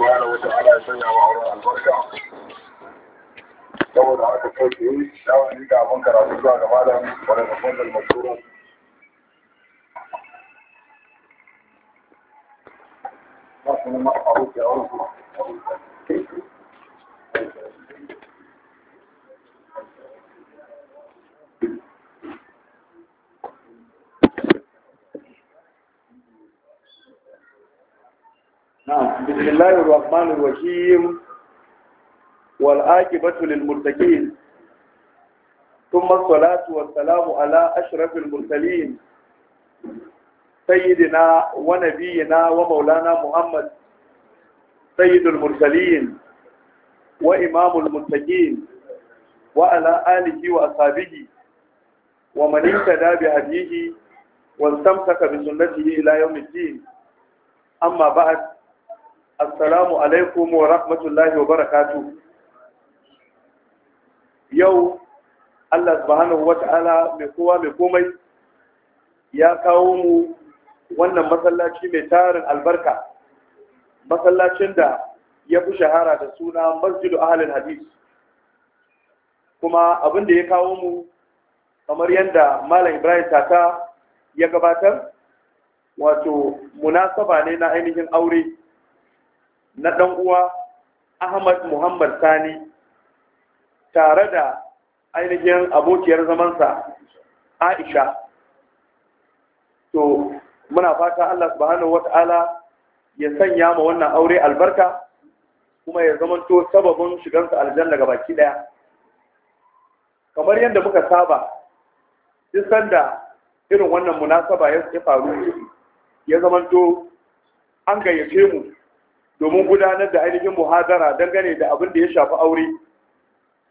subhanahu wata'ala ya sanya wa albarka saboda haka kai tsaye shawari ga abin karatu zuwa ga malam wadanda Thank you. بسم الله الرحمن الرحيم والآكبة للمرتكين ثم الصلاة والسلام على أشرف المرسلين سيدنا ونبينا ومولانا محمد سيد المرسلين وإمام المتقين وعلى آله وأصحابه ومن اهتدى بهديه واستمسك بسنته إلى يوم الدين أما بعد assalamu alaikum wa rahmatullahi wa barakatu yau Allah subhanahu wa ta'ala mai kowa mai komai ya kawo mu wannan masallaci mai tarin albarka masallacin da ya fi shahara da suna masjidu ahalin hadis kuma abin da ya kawo mu kamar yadda malam ibrahim tata ya gabatar wato munasaba ne na ainihin aure na ɗan uwa Ahmad Muhammad Sani tare da ainihin abokiyar zamansa Aisha to muna fata Allah subhanahu wata'ala ya sanya ma wannan aure albarka kuma ya zamanto sababin shigansa aljanna ga baki ɗaya. kamar yadda muka saba duk sanda irin wannan munasaba ya faru ya zamanto an gayyace mu domin gudanar da ainihin muhadara dangane da abin da ya shafi aure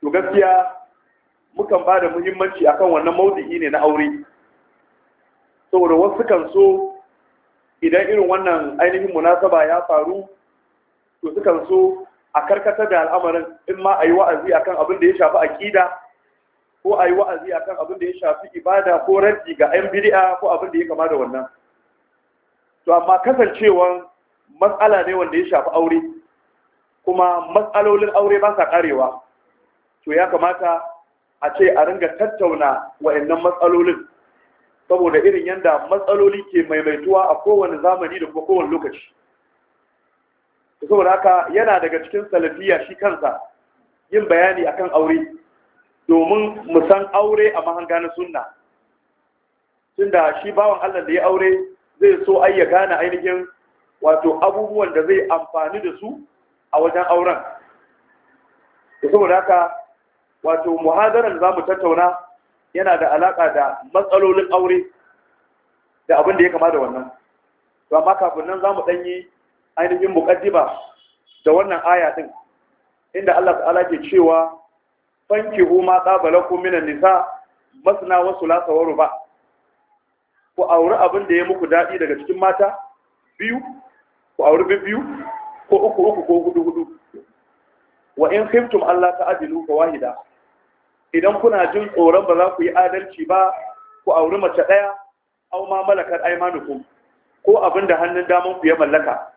to gaskiya mukan ba da muhimmanci akan wannan maudu'i ne na aure saboda wasu kan so idan irin wannan ainihin munasaba ya faru to sukan so a karkatar da al'amarin in ma a yi wa'azi akan abin da ya shafi aƙida ko a yi wa'azi akan abin da ya shafi ibada ko raddi ga 'yan bid'a ko abin da ya kama da wannan to amma kasancewan matsala ne wanda ya shafi aure kuma matsalolin aure ba sa karewa to ya kamata a ce a ringa tattauna wa'annan matsalolin saboda irin yadda matsaloli ke maimaituwa a kowane zamani da kuma kowane lokaci saboda haka yana daga cikin salafiya shi kansa yin bayani akan aure domin mu san aure a mahanga na sunna tunda shi bawan Allah da ya aure zai so ai ya gane ainihin wato abubuwan da zai amfani da su a wajen auren da saboda haka wato muhadaran za mu tattauna yana da alaƙa da matsalolin aure da abin da ya kama da wannan ba amma kafin nan za mu ɗanyi ainihin muƙaddiba da wannan aya ɗin inda Allah ta'ala ke cewa fanki huma ko minan nisa masana wasu lasawar ba ku auri abin da ya muku daɗi daga cikin mata biyu ku auri biyu ko uku uku ko hudu hudu wa in khiftum Allah ta'dilu fa wahida idan kuna jin tsoron ba za ku yi adalci ba ku auri mace daya aw ma malakar aymanukum ko abinda hannun daman ku ya mallaka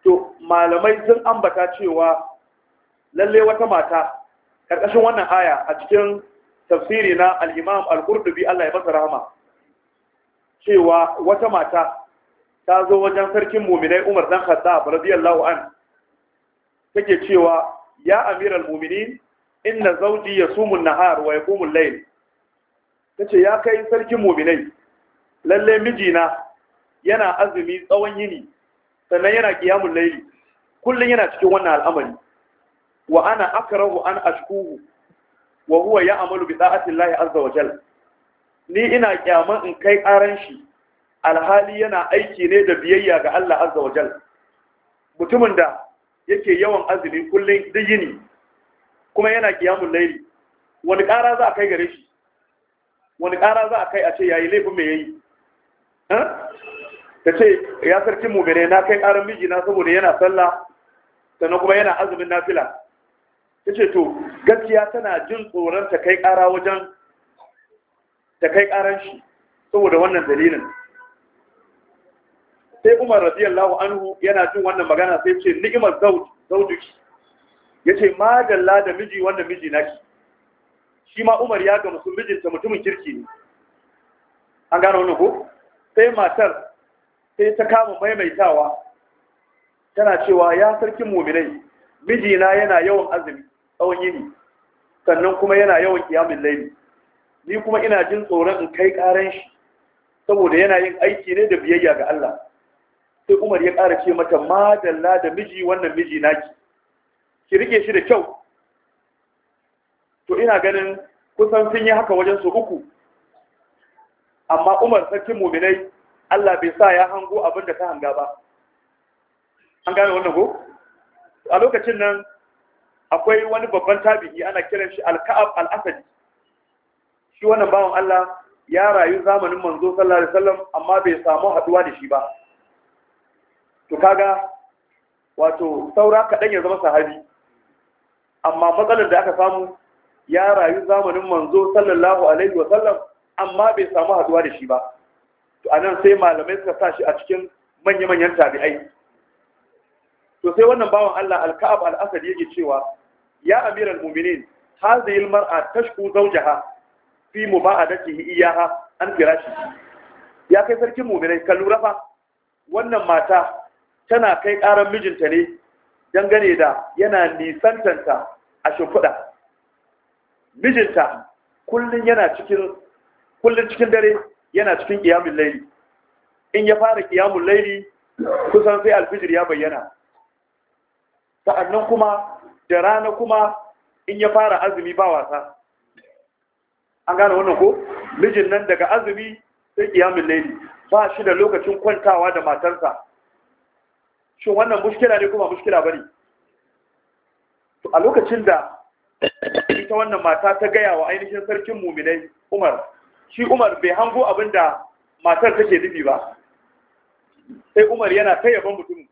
to malamai sun ambata cewa lalle wata mata karkashin wannan aya a cikin tafsiri na al-Imam al-Qurtubi Allah ya masa rahama cewa wata mata ta zo wajen sarkin muminai Umar dan Khattab radiyallahu an take cewa ya amiral muminin inna zawji yasumu an-nahar wa yaqumu al-layl tace ya kai sarkin muminai lalle mijina yana azumi tsawon yini sannan yana qiyamul layli kullun yana cikin wannan al'amari wa ana akrahu an ashkuhu wa huwa ya'malu bi da'ati Allah azza wa jalla ni ina kyaman in kai karan shi alhali yana aiki ne da biyayya ga Allah azza wa jal mutumin da yake yawan azumi kullum duk yini kuma yana kiyamun laili wani ƙara za a kai gare shi wani ƙara za a kai a ce yayi laifin me yayi ta ce ya sarki mu gane na kai ƙarar mijina saboda yana sallah sannan kuma yana azumin nafila ta ce to gaskiya tana jin tsoron ta kai ƙara wajen ta kai ƙaran shi saboda wannan dalilin sai umar radiyallahu anhu yana jin wannan magana sai ce ni'imar zauj Ya yace madalla da miji wanda miji naki shi ma umar ya ga musu ta mutumin kirki ne an gano wannan ko sai matar sai ta kama maimaitawa tana cewa ya sarkin muminai mijina yana yawan azumi tsawon yini sannan kuma yana yawan kiyamin laini ni kuma ina jin tsoron in kai karen shi saboda yana yin aiki ne da biyayya ga Allah sai umar ya ƙara ce mata madalla da miji wannan miji naki ki rike shi da kyau to ina ganin kusan sun yi haka wajen su uku amma umar sarkin muminai Allah bai sa ya hango abin da ta hanga ba an gane wannan ko a lokacin nan akwai wani babban tabi'i ana kiran shi alka'ab alasadi shi wannan bawan Allah ya rayu zamanin manzo sallallahu alaihi wasallam amma bai samu haduwa da shi ba to kaga wato saura kaɗan ya zama sahabi amma matsalar da aka samu ya rayu zamanin manzo sallallahu alaihi wa sallam amma bai samu haduwa da shi ba to anan sai malamai suka sa shi a cikin manya-manyan tabi'ai to sai wannan bawan Allah al-Ka'ab al-Asad yake cewa ya amiral mu'minin hadhihi al-mar'a tashku zawjaha fi muba'adatihi iyaha an firashi ya kai sarkin mu'minai ka fa wannan mata tana kai ƙaran mijinta ne dangane da yana nisantanta a shimfiɗa mijinta kullum yana cikin kullum cikin dare yana cikin ƙiyamun laili in ya fara ƙiyamun laili kusan sai alfijir ya bayyana sa'annan kuma da rana kuma in ya fara azumi ba wasa an gane wannan ko mijin nan daga azumi sai ƙiyamun laili ba shi da lokacin kwantawa da matarsa shin wannan muskila ne kuma muskila ba to a lokacin da ita wannan mata ta gaya wa ainihin sarkin muminai Umar shi Umar bai hango abin da matar take nufi ba sai Umar yana ta yaban mutumin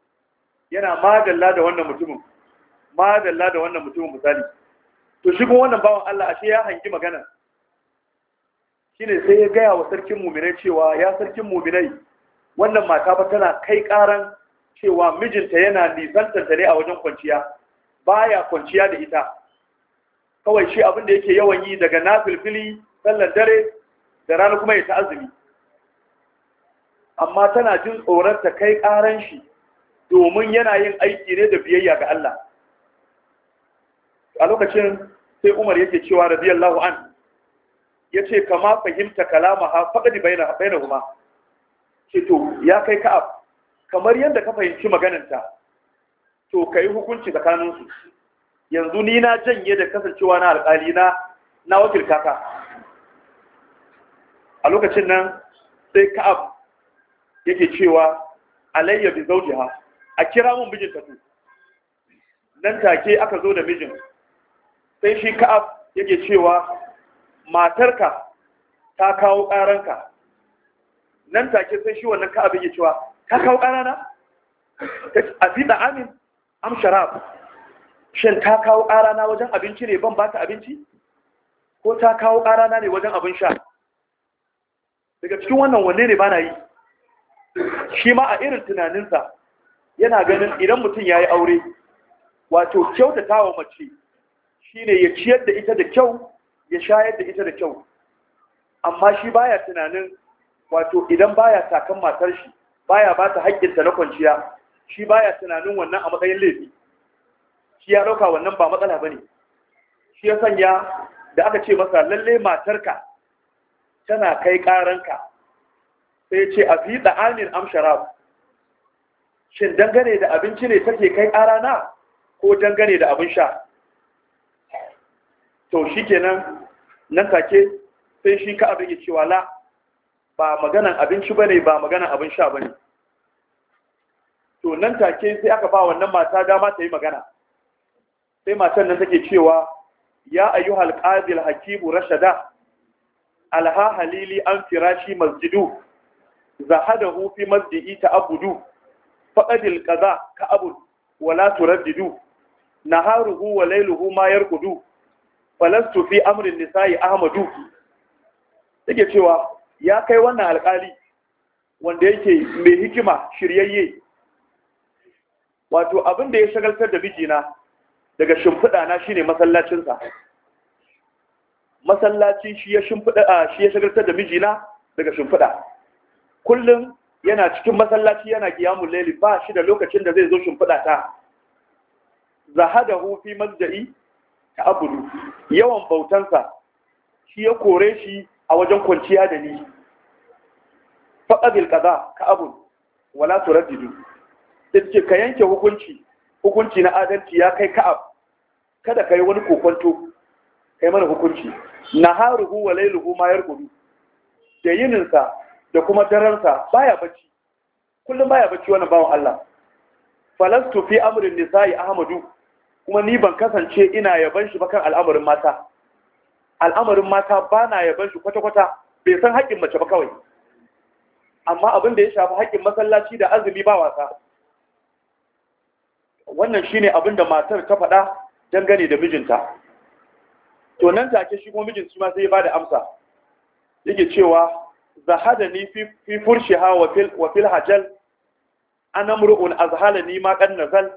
yana madalla da wannan mutumin madalla da wannan mutumin misali to shi kuma wannan bawan Allah ashe ya hangi magana shine sai ya gaya wa sarkin muminai cewa ya sarkin muminai wannan mata ba tana kai karan cewa mijinta yana nisantar ta ne a wajen kwanciya baya kwanciya da ita kawai shi abin da yake yawan yi daga nafilfili sallar dare da rana kuma ya ta azumi amma tana jin tsoron ta kai karan shi domin yana yin aiki ne da biyayya ga Allah a lokacin sai Umar yake cewa radiyallahu an yace kama fahimta kalama ha faqad bainahuma ce to ya kai ka'ab kamar yadda ka fahimci magananta to ka yi hukunci tsakaninsu yanzu ni na janye da kasancewa na alƙali na na wakilta ka a lokacin nan sai ka'ab yake cewa alayya bi zawjiha a kira mun mijin ta nan take aka zo da mijin sai shi ka'ab yake cewa matarka ta kawo ƙaranka nan take sai shi wannan ka'ab yake cewa ka kawo ƙarana a da amin am sharab shin ta kawo ƙarana wajen abinci ne ban ba ta abinci ko ta kawo ƙarana ne wajen abin sha daga cikin wannan wanne ne ba na yi shi ma a irin tunaninsa yana ganin idan mutum ya yi aure wato kyautatawa wa mace shine ya ciyar da ita da kyau ya shayar da ita da kyau amma shi baya tunanin wato idan baya takan matar shi baya ba ta haƙƙinta na kwanciya shi baya tunanin wannan a matsayin laifi shi ya ɗauka wannan ba matsala ba ne shi ya sanya da aka ce masa lalle matarka tana kai ƙaranka sai ce a fi ɗa'amin amshara. shin dangane da abinci ne take kai ƙarana ko dangane da abin sha to shi kenan nan take sai shi ka abin ya cewa la ba maganan abinci bane ba maganan abin sha bane to nan take sai aka ba wannan mata dama ta yi magana sai matan nan take cewa ya ayyuhal qadil hakimu rashada alha halili an firashi masjidu zahadahu fi masjidi ta'budu ƙaza qaza ka'abud wala turaddidu naharuhu wa lailuhu ma yarqudu falastu fi amrin nisa'i ahmadu take cewa ya kai wannan alkali wanda yake mai hikima shiryayye wato abin da ya shagaltar da mijina daga shimfiɗa na shine masallacinsa masallaci shi ya shagaltar da mijina daga shimfiɗa kullum yana cikin masallaci yana giyamun layli ba shi da lokacin da zai zo shimfiɗa ta zahadahu fi mazdai Abudu yawan bautansa shi ya kore shi a wajen kwanciya da ni faɗaɗil ƙaza ka abun wala raddidu sai ce ka yanke hukunci hukunci na adalci ya kai ka'ab kada ka yi wani kokonto yi mana hukunci naharuhu wa lailuhu ma gudu. da yininsa da kuma daransa baya bacci kullum baya bacci wannan bawon Allah falastu fi amrin nisa'i ahmadu kuma ni ban kasance ina yaban shi ba kan al'amarin mata al'amarin mata ba na yaban shi kwata-kwata bai san haƙƙin mace ba kawai amma abin da ya shafi haƙƙin masallaci da azumi ba wasa wannan shine abin da matar ta faɗa dangane da mijinta to nan take shi kuma mijin shi ma sai ya bada amsa yake cewa zahadani fi furshiha wa fil wa fil hajal ana azhalani ma qad nazal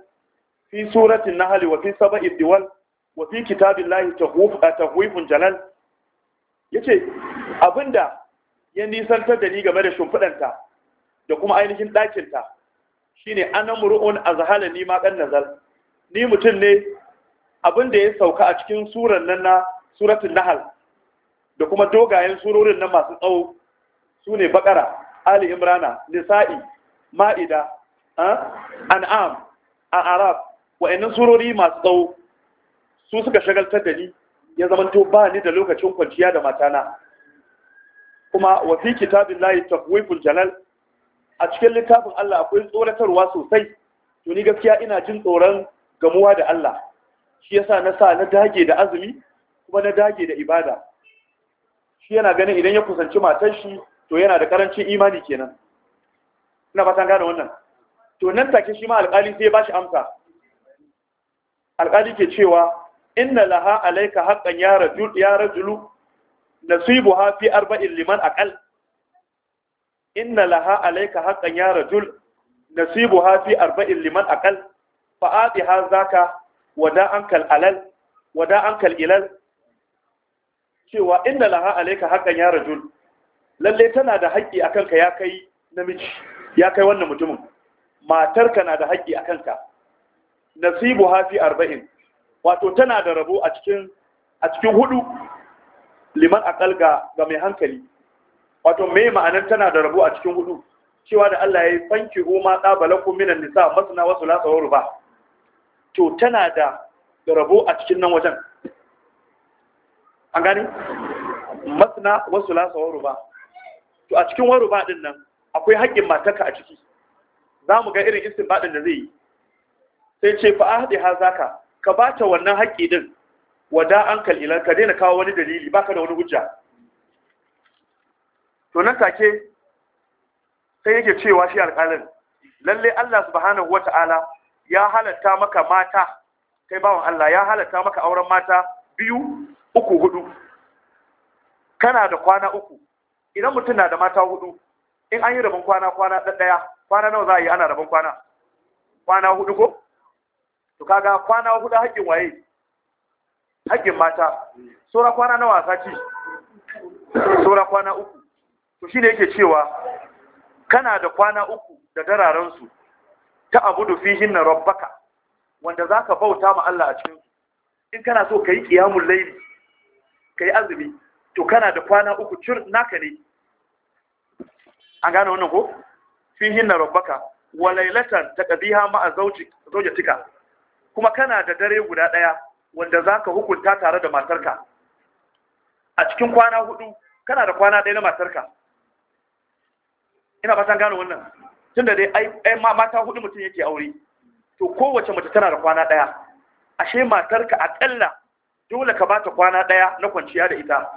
fi suratin na nahl wa fi sab'i diwal wa fi kitabillahi eh, tahwifun jalal yace abinda ya nisantar da ni game da shimfidanta da kuma ainihin ɗakinta shine anamru'un azhalani ma dan nazar ni mutum ne abinda ya sauka a cikin surar nan na suratul nahl da kuma dogayen surorin nan masu tsawo sune bakara ali imrana nisa'i ma'ida eh, an'am a'raf wa'annan surori masu tsawo su suka shagaltar da ni ya zamanto ba ni da lokacin kwanciya da matana kuma wa fi kitabillahi takwiful jalal a cikin littafin Allah akwai tsoratarwa sosai to ni gaskiya ina jin tsoron gamuwa da Allah shi yasa na sa na dage da azumi kuma na dage da ibada shi yana ganin idan ya kusanci matar shi to yana da karancin imani kenan ina fatan gane wannan to nan take shi ma alƙali sai ya bashi amsa alƙali ke cewa inna laha alaika haqqan ya rajul ya rajulu nasibuha fi arba'in liman aqal inna laha alaika haqqan ya rajul nasibuha fi arba'in liman aqal fa atiha zaka wada ankal alal wada ankal ilal cewa inna laha alaika haqqan ya rajul lalle tana da haƙƙi akan ka ya kai namiji ya kai wannan mutumin matarka na da haƙƙi akan ka nasibuha fi arba'in wato tana da rabo a cikin a cikin hudu liman akal ga ga mai hankali wato mai ma'anar tana da rabo a cikin hudu cewa da Allah ya fanki huma dabalakum minan nisa masna wasu thulatha wa ba. to tana da rabo a cikin nan wajen an gani masna wasu thulatha wa ba. to a cikin waruba din nan akwai haƙƙin mataka a ciki za mu ga irin istinbadin da zai yi sai ce fa ahdi hazaka ka ba ta wannan haƙƙi din wada an kalilan ka daina kawo wani dalili ba ka da wani hujja to nan take sai yake cewa shi alƙalin lalle Allah subhanahu wata'ala ya halatta maka mata kai bawan Allah ya halatta maka auren mata biyu uku hudu kana da kwana uku idan mutum na da mata hudu in an yi rabin kwana kwana ɗaya kwana nawa za a yi ana rabin kwana kwana hudu ko to kaga kwana hudu haƙƙin waye hakkin mata saura kwana nawa ce, saura kwana uku to shine yake cewa kana da kwana uku da dararan su ta abudu fihin na rabbaka wanda zaka bauta ma Allah a cikin in kana so kai qiyamul layl kai azumi to kana da kwana uku cin naka ne an gane wannan ko fihin na rabbaka wa laylatan taqdiha ma'a zawjatika kuma kana da dare guda ɗaya wanda za ka hukunta tare da matarka a cikin kwana hudu kana da kwana ɗaya na matarka ina fatan gano wannan tun da dai mata hudu mutum yake aure to kowace mace tana da kwana ɗaya ashe matarka a aƙalla dole ka bata kwana ɗaya na kwanciya da ita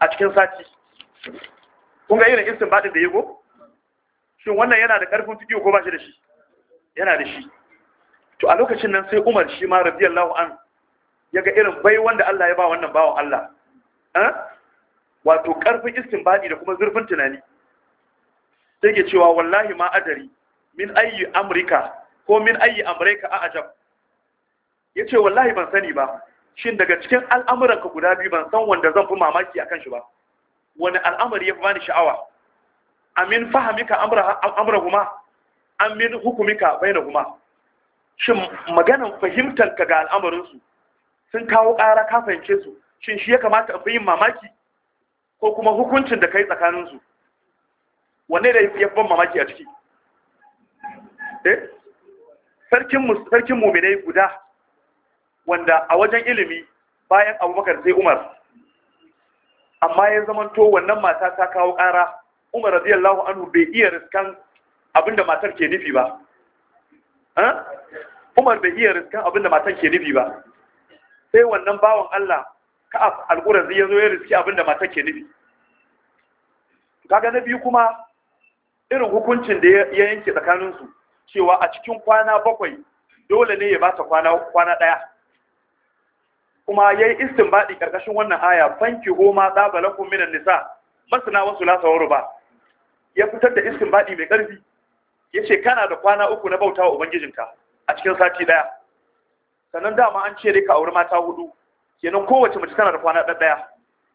a cikin sati kun ga irin istin baɗin da go? shin wannan yana da ƙarfin fiƙiyo ko ba shi da shi yana da shi to a lokacin nan sai Umar shi ma radiyallahu an yaga irin bai wanda Allah ya ba wannan bawan Allah eh wato karfin istinbadi da kuma zurfin tunani sai ke cewa wallahi ma adari min ayyi amrika ko min ayyi amrika a ajab yace wallahi ban sani ba shin daga cikin al'amuranka guda biyu ban san wanda zan fi mamaki akan shi ba wani al'amari ya fi bani sha'awa amin fahamika amrahuma amin hukumika guma. shin maganan fahimtar ga al'amarinsu sun kawo ƙara ka fahimce su shin shi ya kamata fi yin mamaki ko kuma hukuncin da kai tsakaninsu wanne da ya ban mamaki a ciki eh? sarkin muminai guda wanda a wajen ilimi bayan abubakar sai umar amma ya zamanto wannan mata ta kawo ƙara umar radiyallahu anhu bai iya riskan abinda matar ke nufi ba eh? Umar bai iya riskan abinda matan ke nufi ba sai wannan bawan Allah ka al zai yazo zo ya riski abinda matan ke nufi kaga na biyu kuma irin hukuncin da ya yanke tsakanin su cewa a cikin kwana bakwai dole ne ya ba ta kwana kwana daya kuma yayi istinbadi karkashin wannan aya fanki homa dabalakum minan nisa masana wasu la ba ya fitar da istinbadi mai karfi yace kana da kwana uku na bautawa ubangijinka a cikin sati daya sannan dama an ce dai ka auri mata hudu kenan kowace mace tana da kwana ɗaya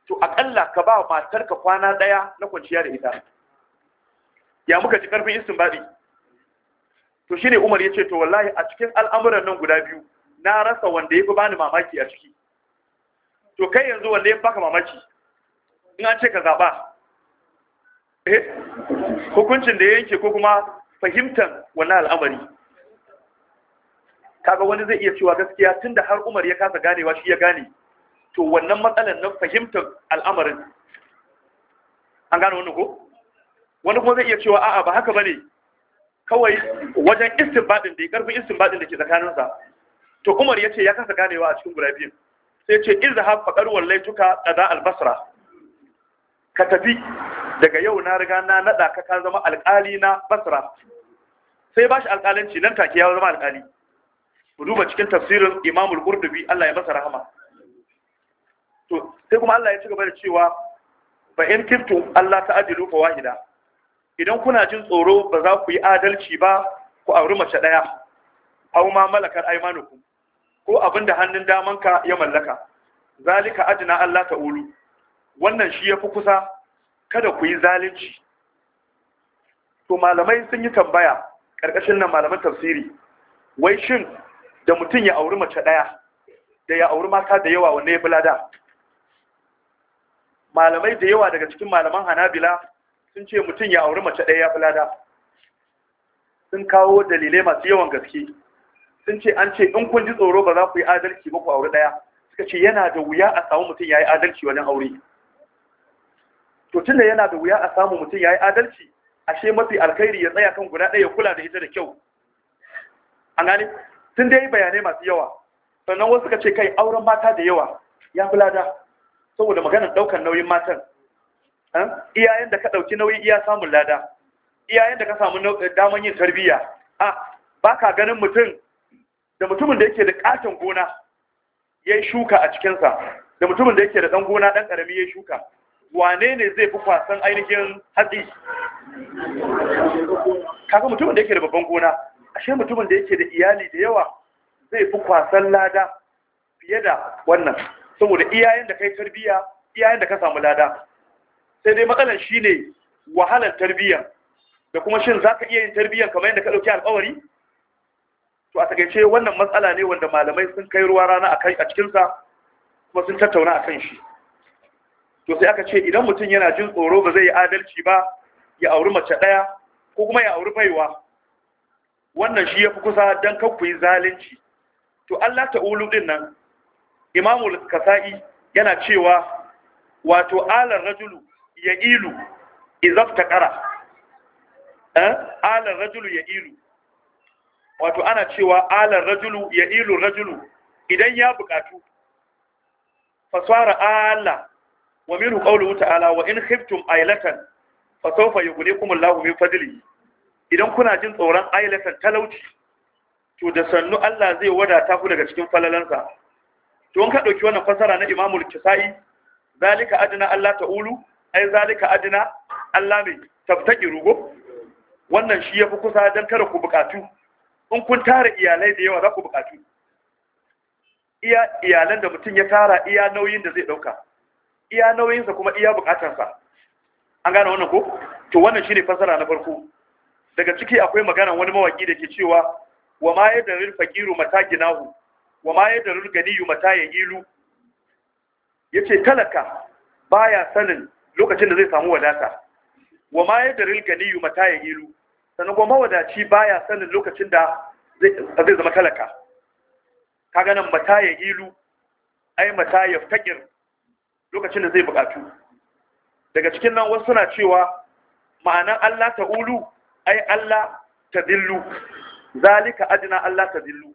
to akalla ka ba matar ka kwana daya na kwanciya da ita ya muka ji karfin istinbadi to shine Umar ya ce to wallahi a cikin al'amuran nan guda biyu na rasa wanda yafi bani mamaki a ciki to kai yanzu wanda yafi baka mamaki in an ce ka zaba eh hukuncin da ya yanke ko kuma fahimtar wannan al'amari kaga wani zai iya cewa gaskiya tunda har Umar ya kasa ganewa shi ya gane to wannan matsalan na fahimtar al'amarin an gane wannan ko wani kuma zai iya cewa a'a ba haka bane kawai wajen istinbadin da karfin istinbadin da ke tsakanin sa to Umar yace ya kasa ganewa a cikin guda biyu sai yace izhab faqad wallaituka qada al-basra ka tafi daga yau na riga na nada ka ka zama alƙali na basra sai bashi alƙalanci nan take ya zama alƙali ku duba cikin tafsirin imamul qurdubi Allah ya masa rahama to sai kuma Allah ya ci gaba da cewa fa in kuntum Allah ta'dilu fa wahida idan kuna jin tsoro ba za ku yi adalci ba ku auri mace ɗaya. aw ma malakar aymanukum ko abinda hannun daman ka ya mallaka zalika adana Allah ta ulu wannan shi yafi kusa kada ku yi zalunci to malamai sun yi tambaya ƙarƙashin nan malaman tafsiri wai shin da mutum ya auri mace ɗaya da ya auri mata da yawa wanne ya bula da? malamai da yawa daga cikin malaman hanabila sun ce mutum ya auri mace ɗaya ya bula da. sun kawo dalilai masu yawan gaske sun ce an ce in kun ji tsoro ba za ku yi adalci ba ku auri ɗaya suka ce yana da wuya a samu mutum ya yi adalci wajen aure to tunda yana da wuya a samu mutum ya yi adalci ashe mafi alkhairi ya tsaya kan guda ɗaya ya kula da ita da kyau an gani sun dai bayanai masu yawa sannan wasu suka ce kai auren mata da yawa ya fi lada saboda maganar ɗaukar nauyin matan iyayen da ka ɗauki nauyin iya samun lada iyayen da ka samu eh, daman yin tarbiyya a ba ka ganin mutum da mutumin da yake da ƙaton gona ya yi shuka a cikinsa da mutumin da yake da ɗan gona ɗan ƙarami ya yi shuka wane ne zai fi kwasan ainihin hatsi kaga mutumin da yake da babban gona ashe mutumin da yake da iyali da yawa zai fi kwasan lada fiye da wannan saboda iyayen da kai tarbiya iyayen da ka samu lada sai dai matsalar shi ne wahalar tarbiyyar da kuma shin za ka iya yin tarbiyyar kamar yadda ka ɗauki alƙawari to a takaice wannan matsala ne wanda malamai sun kai ruwa rana kai a cikinsa kuma sun tattauna a kan shi to sai aka ce idan mutum yana jin tsoro ba zai yi adalci ba ya auri mace ɗaya ko kuma ya auri baiwa wannan shi ya fi kusa don kanku yi zalunci to Allah ta'ulu din nan imamu kasa'i yana cewa wato alar rajulu ya ilu izaf ta eh? alar rajulu ya ilu wato ana cewa alar rajulu ya ilu rajulu idan ya bukatu fasara ala wa minhu ƙaulu ta'ala wa in khiftum aylatan fa sawfa yughnikum Allahu min fadili idan kuna jin tsoron ailatan talauci to da sannu Allah zai wadata ku daga cikin falalansa to in ka dauki wannan fasara na Imamul Kisa'i zalika adna Allah ta'ulu ai zalika adna Allah mai tabtaki rugo wannan shi yafi kusa dan kada ku bukatu in kun tara iyalai da yawa za ku bukatu iya iyalan da mutum ya tara iya nauyin da zai dauka iya nauyinsa kuma iya bukatarsa an gane wannan ko to wannan shine fasara na farko daga ciki akwai magana wani mawaki da ke cewa wa ma yadda rul fakiru mata ginahu wa ma yadda rul ganiyu mata ya ilu yace talaka baya sanin lokacin da zai samu wadata wa ma yadda rul ganiyu mata ya ilu sannan kuma mawadaci baya sanin lokacin da zai zama talaka kaga nan mata ya ilu ai mata ya fakir lokacin da zai bukatu daga cikin nan wasu suna cewa ma'anan Allah ta'ulu ai Allah ta dillu zalika adina Allah ta dillu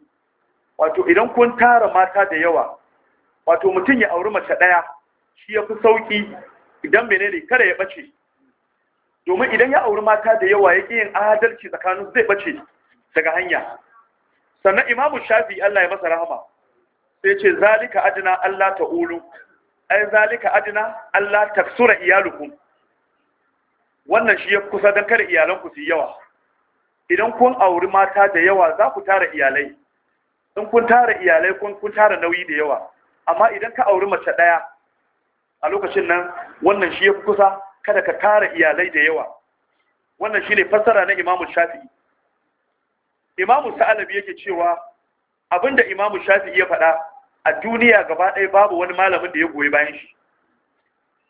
wato idan kun tara mata da yawa wato mutum ya auri mace ɗaya shi ya fi sauƙi idan menene kada ya ɓace domin idan ya auri mata da yawa ya yin adalci tsakanin zai bace daga hanya sannan imamu shafi Allah ya masa rahama sai ce zalika adina Allah ta'ulu ai zalika adina Allah taksura iyalukum wannan shi ya kusa don kada iyalanku su yi yawa idan kun auri mata da yawa za ku tara iyalai in kun tara iyalai kun kun tara nauyi da yawa amma idan ka auri mace ɗaya a lokacin nan wannan shi ya kusa kada ka tara iyalai da yawa wannan shi ne fassara na imamu shafi'i imamu sa'alabi yake cewa abinda imamu shafi'i ya faɗa a duniya gaba ɗaya babu wani malamin da ya goyi bayan shi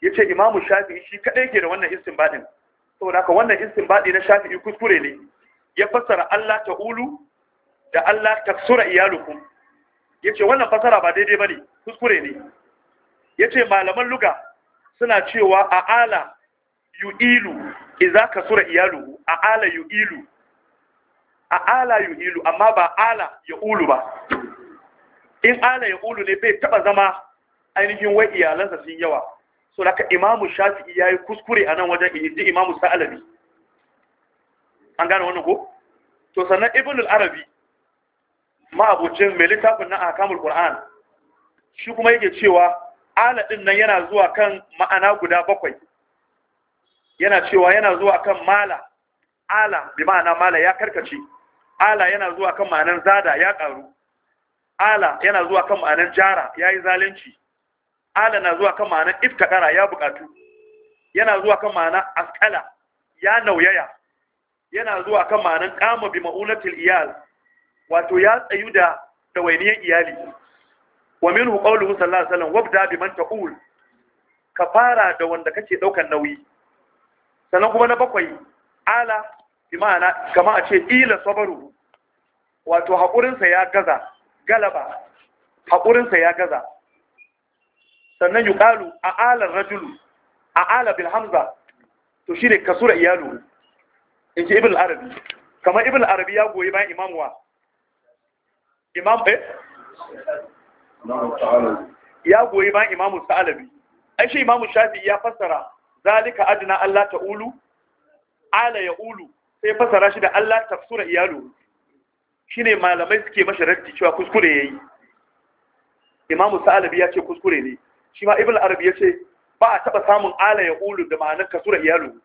ya ce imamu shafi'i shi kaɗai ke da wannan istinbadin saboda wannan istinbadi na shafi'i kuskure ne ya fassara Allah ta'ulu da Allah taksura iyalukum yace wannan fassara ba daidai bane kuskure ne yace malaman luga suna cewa a ala yu'ilu idza kasura iyaluhu ala yu'ilu ala yu'ilu amma ba ala ya'ulu ba in ala ya'ulu ne bai taba zama ainihin wai iyalansa sun yawa so da imamu shafi'i ya yi kuskure a nan wajen inji imamu sa'alabi an gane wani ko to sannan ibn al'arabi arabi ma'abocin mai littafin na akamul Kur'an. shi kuma yake cewa ala nan yana zuwa kan ma'ana guda bakwai yana cewa yana zuwa kan mala ala bi ma'ana mala ya karkace ala yana zuwa kan ma'anan zada ya ƙaru. ala yana zuwa kan ma'anan jara ya yi zalunci ala na zuwa kan ma'anar iftakara ya bukatu yana zuwa kan ma'anar askala ya nauyaya yana zuwa kan ma'anar kama bi ma'unatul iyal wato ya tsayu da dawainiyar iyali wa minhu qawluhu sallallahu alaihi wasallam wabda bi man taqul ka fara da wanda kake daukan nauyi sannan kuma na bakwai ala bi ma'ana kama a ce ila sabaru wato haƙurinsa ya gaza galaba haƙurinsa ya gaza sannan a alar rajulu a bil hamza to shi kasu da iyalu inji ibn arabi kamar ibn arabi ya goyi bayan imam wa imam eh ya goyi bayan imam sa'alabi ai shi imam shafi ya fassara zalika adina Allah ta'ulu ala ulu, sai fassara shi da Allah ta da iyalu ne malamai suke mashi rarti cewa kuskure yayi imam sa'alabi ya ce kuskure ne shi ma ibn arabi ya ce ba a taɓa samun ala ya ulu da ma'anar kasura iyalu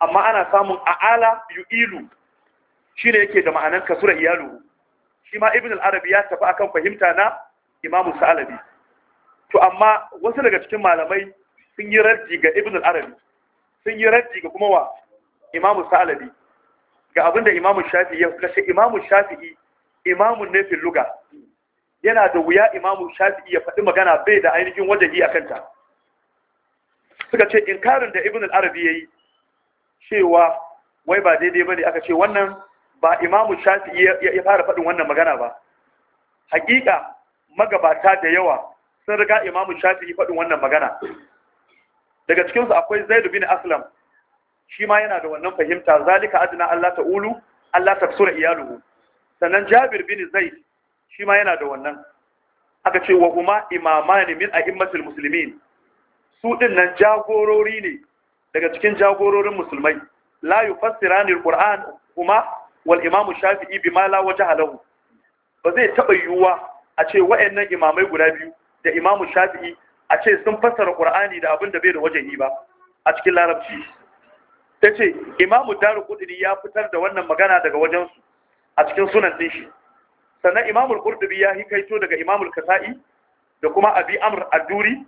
amma ana samun yu ilu shi ne yake da ma'anar kasura iyalu shi ma ibn arabi ya tafi akan fahimta na imamu sa'alabi to amma wasu daga cikin malamai sun yi raddi ga ibn arabi sun yi raddi ga kuma wa imamu sa'alabi ga abinda imamu shafi'i ya kashe imamu shafi'i imamun ne fil luga yana da wuya imamu shafi'i ya faɗi magana bai da ainihin wajahi a kanta suka ce in inkarin da ibn Arabi ya yi cewa wai ba daidai ba ne, aka ce wannan ba imamu shafi'i ya fara faɗin wannan magana ba hakika magabata da yawa sun riga imamu shafi'i faɗin wannan magana daga cikinsu akwai zaidu bin aslam shi ma yana da wannan fahimta zalika adna Allah ta'ulu Allah tafsura iyaluhu sannan jabir bin zaid shi ma yana da wannan aka ce wa kuma imamani min a'immatul muslimin su din nan jagorori ne daga cikin jagororin musulmai la yufassirani alquran kuma wal imamu shafi'i bima la wajha lahu ba zai taba yuwa a ce wayannan imamai guda biyu da imamu shafi'i a ce sun fassara qur'ani da abin da bai da wajahi ba a cikin larabci tace imamu daruqutni ya fitar da wannan magana daga wajensu a cikin sunan din shi sannan imamul qurtubi ya hikaito daga imamul kasa'i da kuma abi amr al duri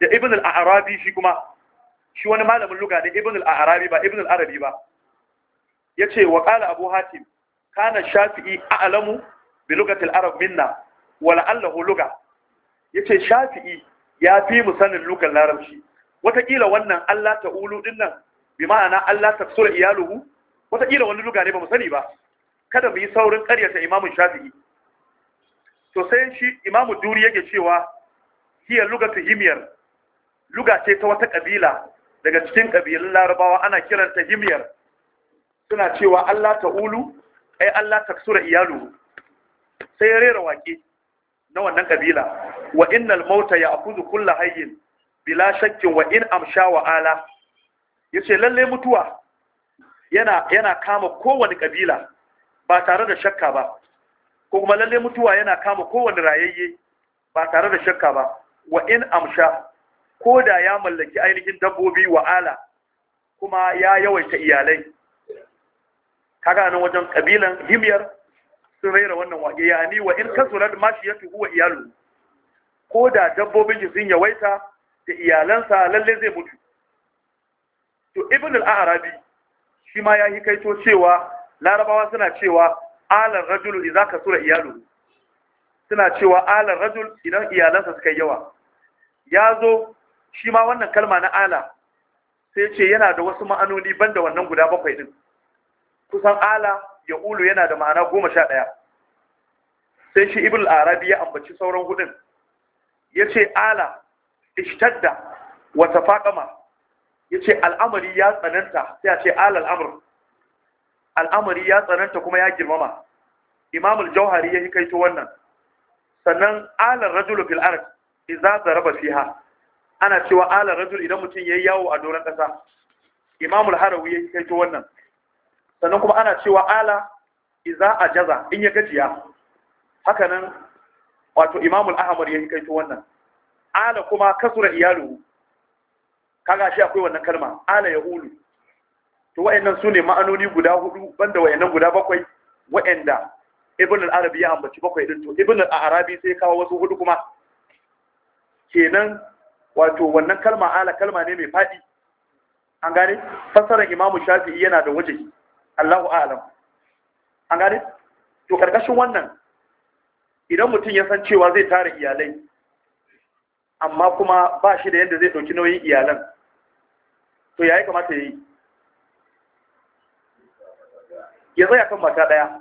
da ibn al-arabi shi kuma shi wani malamin lugha ne ibn al-arabi ba ibn al-arabi ba yace wa qala abu hatim kana shafi'i a'lamu bi lughati al-arab minna wa luga. Ya ce shafi'i ya fi mu sanin lugar larabci watakila wannan Allah ta'ulu din nan bi ma'ana Allah tafsura iyaluhu watakila wani lugar ne ba mu sani ba kada mu yi saurin ƙaryata imamun shafi'i Sosai sai shi imamu duri yake cewa hiya lugatu himiyar luga ce ta wata ƙabila daga cikin ƙabilun larabawa ana kiranta himiyar suna cewa Allah ulu ai Allah taksura iyalu sai ya rera waƙe na wannan kabila wa innal mauta akuzu kulla hayyin bila shakkin wa in amsha wa ala yace lallai mutuwa yana kama koWani ƙabila ba tare da shakka ba ko kuma lalle mutuwa yana kama kowane rayayye ba tare da shakka ba wa in amsha ko da ya mallaki ainihin dabbobi wa ala kuma ya yawaita iyalai kaga nan wajen kabilan himyar sun raira wannan waje ya ni wa in ya tuhu wa iyalu ko da dabbobin sun yawaita da iyalansa lalle zai mutu to ibn al-arabi shi ma ya hikaito cewa larabawa suna cewa alar rajul idza kasura iyalu suna cewa alar rajul idan iyalansa suka yawa yazo shi ma wannan kalma na ala sai ce yana da wasu ma'anoni banda wannan guda bakwai din kusan ala ya ulu yana da ma'ana goma sha ɗaya sai shi ibn arabi ya ambaci sauran hudun ya ce ala ishtadda wata faƙama ya ce al'amari ya tsananta sai a ce ala al'amur al'amari ya tsananta kuma ya girmama imam al-jauhari ya kaito wannan sannan alar rajul fil ard idza daraba fiha ana cewa alar rajul idan mutum yayi yawo a doron kasa imam al-harawi ya kaito wannan sannan kuma ana cewa ala idza ajaza in ya gajiya haka nan wato imam al-ahmar ya kaito wannan ala kuma kasura iyalu kaga shi akwai wannan kalma ala yahulu to su sune ma'anoni guda hudu banda wa'annan guda bakwai wa'anda ibn al-arabi ya ambaci bakwai din to ibn al-arabi sai kawo wasu hudu kuma kenan wato wannan kalma ala kalma ne mai fadi an gane fassarar imamu shafi'i yana da waje Allahu a'lam an gane to karkashin wannan idan mutum ya san cewa zai tara iyalai amma kuma ba shi da yadda zai dauki nauyin iyalan to yayi kamata yayi ya zai kan mata ɗaya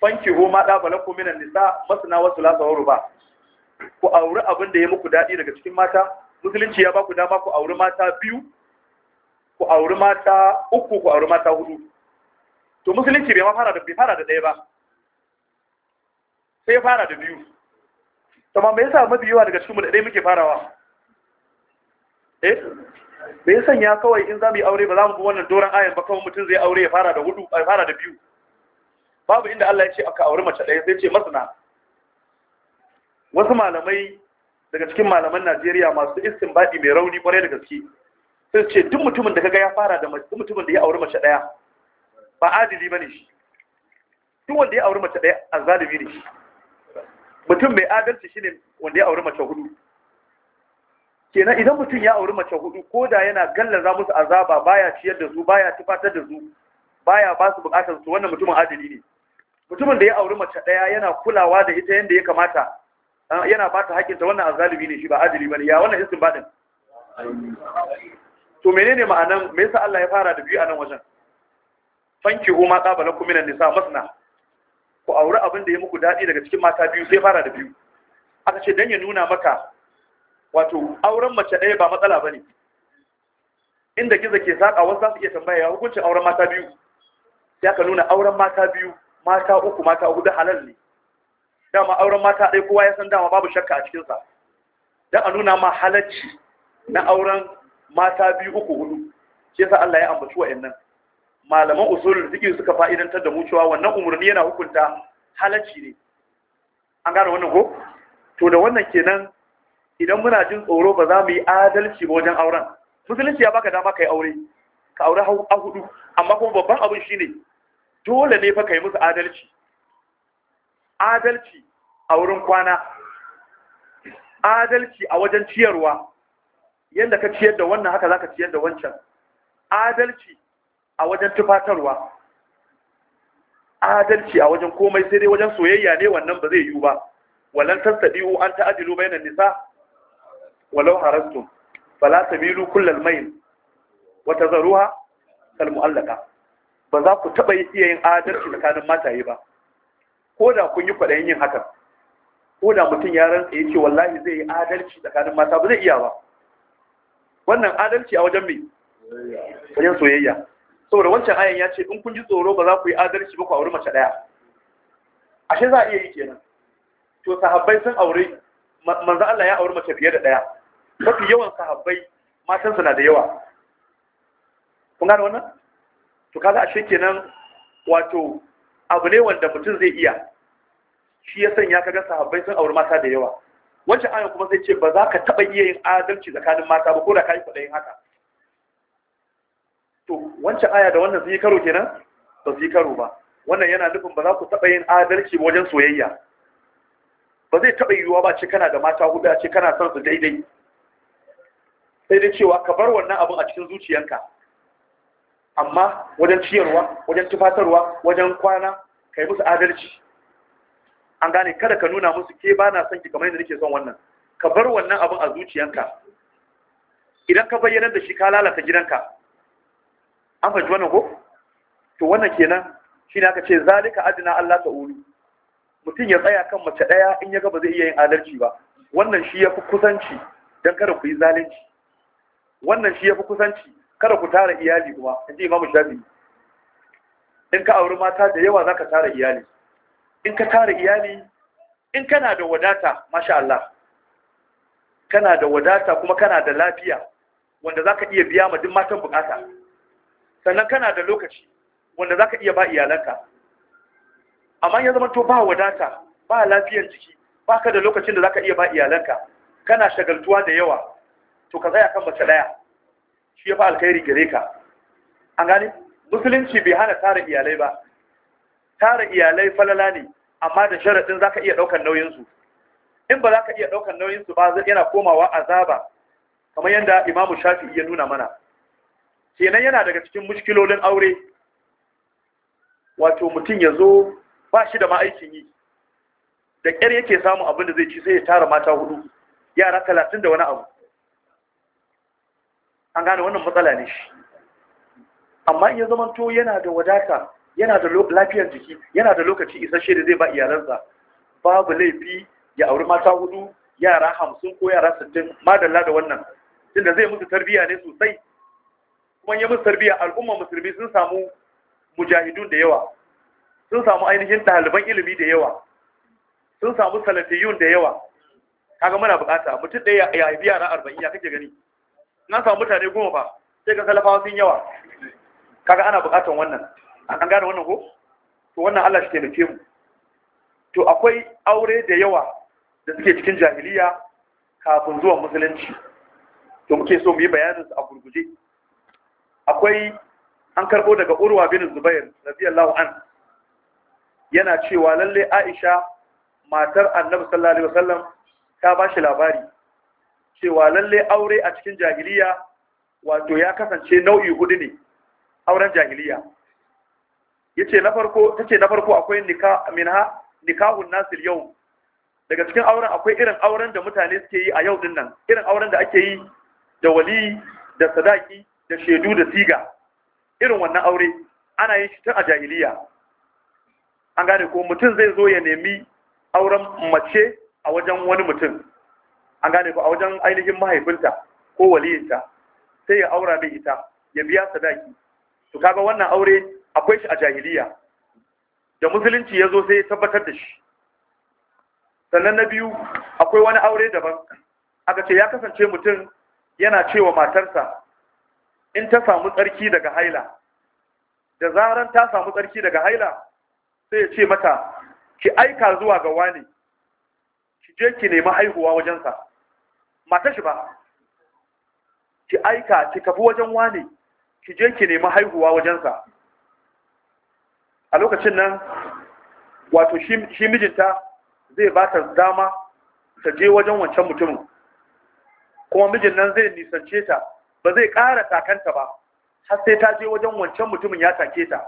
fanki ho ma ɗabala ko minan nisa masana wasu lasa wa ruba ku auri abin da ya muku daɗi daga cikin mata musulunci ya ba ku dama ku auri mata biyu ku auri mata uku ku auri mata hudu to musulunci bai ma fara da bai fara da ɗaya ba sai ya fara da biyu to ma me yasa mafi yawa daga cikin mu da ɗaya muke farawa eh me ya sanya kawai in za mu yi aure ba za mu bi wannan doron ayan ba kawai mutum zai aure ya fara da hudu ya fara da biyu babu inda Allah ya ce aka aure mace ɗaya sai ce masana wasu malamai daga cikin malaman Najeriya masu istinbadi mai rauni kwarai da gaske sai ce duk mutumin da kaga ya fara da mace mutumin da ya aure mace ɗaya ba adili bane shi duk wanda ya aure mace ɗaya azzalimi ne shi mutum mai adalci shine wanda ya aure mace hudu kenan idan mutum ya auri mace hudu ko da yana gallaza musu azaba baya ciyar da su baya tufatar da su baya ba su bukatar su wannan mutumin adali ne mutumin da ya auri mace daya yana kulawa da ita yanda ya kamata yana ba ta hakinta wannan azalibi ne shi ba adali bane ya wannan istinbadin to menene ma'anan me yasa Allah ya fara da biyu a nan wajen fanki huma qabalakum minan nisa masna ku auri abin da ya muku dadi daga cikin mata biyu sai fara da biyu aka ce dan ya nuna maka wato auren mace ɗaya ba matsala ba ne inda gizo ke saƙa wasu za su iya tambaya hukuncin auren mata biyu ya ka nuna auren mata biyu mata uku mata hudu halal ne dama auren mata ɗaya kowa ya san dama babu shakka a cikinsa don a nuna ma halacci na auren mata biyu uku hudu shi yasa Allah ya ambaci nan. malaman usulul fiqh suka fa'idantar da mu cewa wannan umarni yana hukunta halacci ne an gane wannan ko to da wannan kenan idan muna jin tsoro ba za mu yi adalci ba wajen auren musulunci ya baka dama kai aure ka aure a hudu amma kuma babban abin shine dole ne fa yi musu adalci adalci a wurin kwana adalci a wajen ciyarwa yadda ka ciyar da wannan haka zaka ciyar da wancan adalci a wajen tufatarwa adalci a wajen komai sai dai wajen soyayya ne wannan ba zai yiwu ba walan tasadiu an ta'dilu bainan nisa walau harastum fala tamilu kullal mayl wa tazaruha kal mu'allaqa ba za ku taba iya yin adalci tsakanin mataye ba ko da kun yi kwaɗayin yin hakan ko da mutum ya rantsa ya ce wallahi zai yi adalci tsakanin mata ba zai iya ba wannan adalci a wajen mai wajen soyayya saboda wancan ayan ya ce in kun ji tsoro ba za ku yi adalci ba ku auri mace ɗaya ashe za a iya yi kenan to sahabbai sun aure manzo Allah ya auri mace fiye da ɗaya mafi yawan sahabbai matansu na da yawa kun gane wannan to kaga ashe kenan wato abu ne wanda mutum zai iya shi ya sanya kaga sahabbai sun auri mata da yawa wancan ayan kuma zai ce ba za ka taɓa iya yin adalci tsakanin mata ba ko da ka yi kwaɗayin haka to wancan aya da wannan zai yi karo kenan ba su yi karo ba wannan yana nufin ba za ku taɓa yin adalci wajen soyayya ba zai taɓa yiwuwa ba ce kana da mata hudu a ce kana son su daidai sai dai cewa ka bar wannan abin a cikin zuciyanka amma wajen ciyarwa wajen tufatarwa wajen kwana ka yi musu adalci an gane kada ka nuna musu ke ba na son ki kamar yadda nake son wannan ka bar wannan abin a zuciyanka idan ka bayyana da shi ka lalata gidanka an fahimci wannan ko to wannan kenan shine aka ce zalika adna Allah ulu mutum ya tsaya kan mace daya in ya ga ba zai iya yin adalci ba wannan shi ya fi kusanci dan kada ku yi zalunci wannan shi ya fi kusanci kada ku tara iyali kuma ji imamu shafi in ka auri mata da yawa za ka tara iyali in ka tara iyali in kana da wadata masha Allah kana da wadata kuma kana da lafiya wanda za ka iya biya ma duk matan bukata sannan kana da lokaci wanda za ka iya ba iyalanka amma ya zama to ba wadata ba lafiyar jiki ba ka da lokacin da za ka iya ba iyalanka kana shagaltuwa da yawa to ka tsaya kan mace daya shi ya fa alkhairi gare ka an gane musulunci bai hana tara iyalai ba tara iyalai falala ne amma da sharaɗin za ka iya ɗaukar nauyinsu in ba za ka iya ɗaukar nauyinsu ba zai yana komawa azaba kamar yadda imamu shafi iya nuna mana kenan yana daga cikin mushkilolin aure wato mutum ya zo ba shi da aikin yi da ƙyar yake samun abin da zai ci sai ya tara mata hudu yara talatin da wani abu an gane wannan matsala ne shi amma in ya zamanto yana da wadata yana da lafiyar jiki yana da lokaci isasshe da zai ba iyalansa babu laifi ya auri mata hudu yara hamsin ko yara sittin madalla da wannan tunda zai musu tarbiyya ne sosai kuma ya musu tarbiyya al'umma musulmi sun samu mujahidun da yawa sun samu ainihin ɗaliban ilimi da yawa sun samu salatiyun da yawa kaga muna bukata mutum ɗaya ya haifi yara arba'in ya kake gani na samu mutane goma ba sai ka salafawa sun yawa kaga ana bukatan wannan an gane wannan ko to wannan Allah shi taimake mu to akwai aure da yawa da suke cikin jahiliya kafin zuwa musulunci to muke so mu yi bayanin su a gurguje akwai an karbo daga urwa bin zubair radiyallahu an yana cewa lalle aisha matar annabi sallallahu alaihi wasallam ta ba labari cewa lalle aure a cikin jahiliya wato ya kasance nau'i hudu ne auren jahiliya yace na farko tace na farko akwai nika minha nikahun nasil yau daga cikin auren akwai irin auren da mutane suke yi a yau din nan irin auren da ake yi da wali da sadaki da shaidu da siga irin wannan aure ana yin shi tun a jahiliya an gane ko mutum zai zo ya nemi auren mace a wajen wani mutum an gane ku a wajen ainihin mahaifinta ko waliyinta sai ya aura mai ita ya biya sadaki to kaga wannan aure akwai shi a jahiliya da musulunci ya zo sai ya tabbatar da shi sannan na biyu akwai wani aure daban aka ce ya kasance mutum yana cewa matarsa in ta samu tsarki daga haila da zaran ta samu tsarki daga haila sai ya ce mata ki aika zuwa ga wani ki je ki nemi haihuwa wajensa mata shi ba ki aika ki tafi wajen wane ki je ki nemi haihuwa wajensa a lokacin nan wato shi mijinta zai ba ta dama ta je wajen wancan mutumin kuma mijin nan zai nisance ta ba zai ƙara takanta ba har sai ta je wajen wancan mutumin ya take ta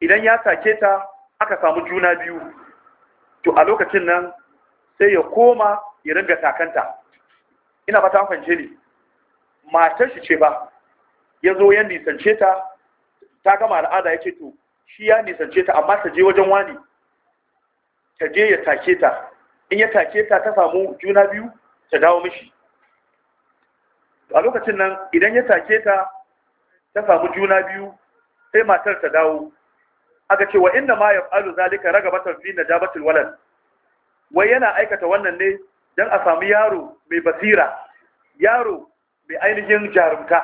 idan ya take ta aka samu juna biyu to a lokacin nan sai ya koma ya ringa takanta ina ba ta fahimce ni matar shi ce ba ya zo ya nisance ta ta gama al'ada ya ce to shi ya nisance ta amma ta je wajen wani ta je ya take ta in ya take ta ta samu juna biyu ta dawo mishi a lokacin nan idan ya take ta ta samu juna biyu sai matar ta dawo aka ce wa inda ma ya falu zalika ragabatar fi najabatul walad wai yana aikata wannan ne don a samu yaro mai basira yaro mai ainihin jarumta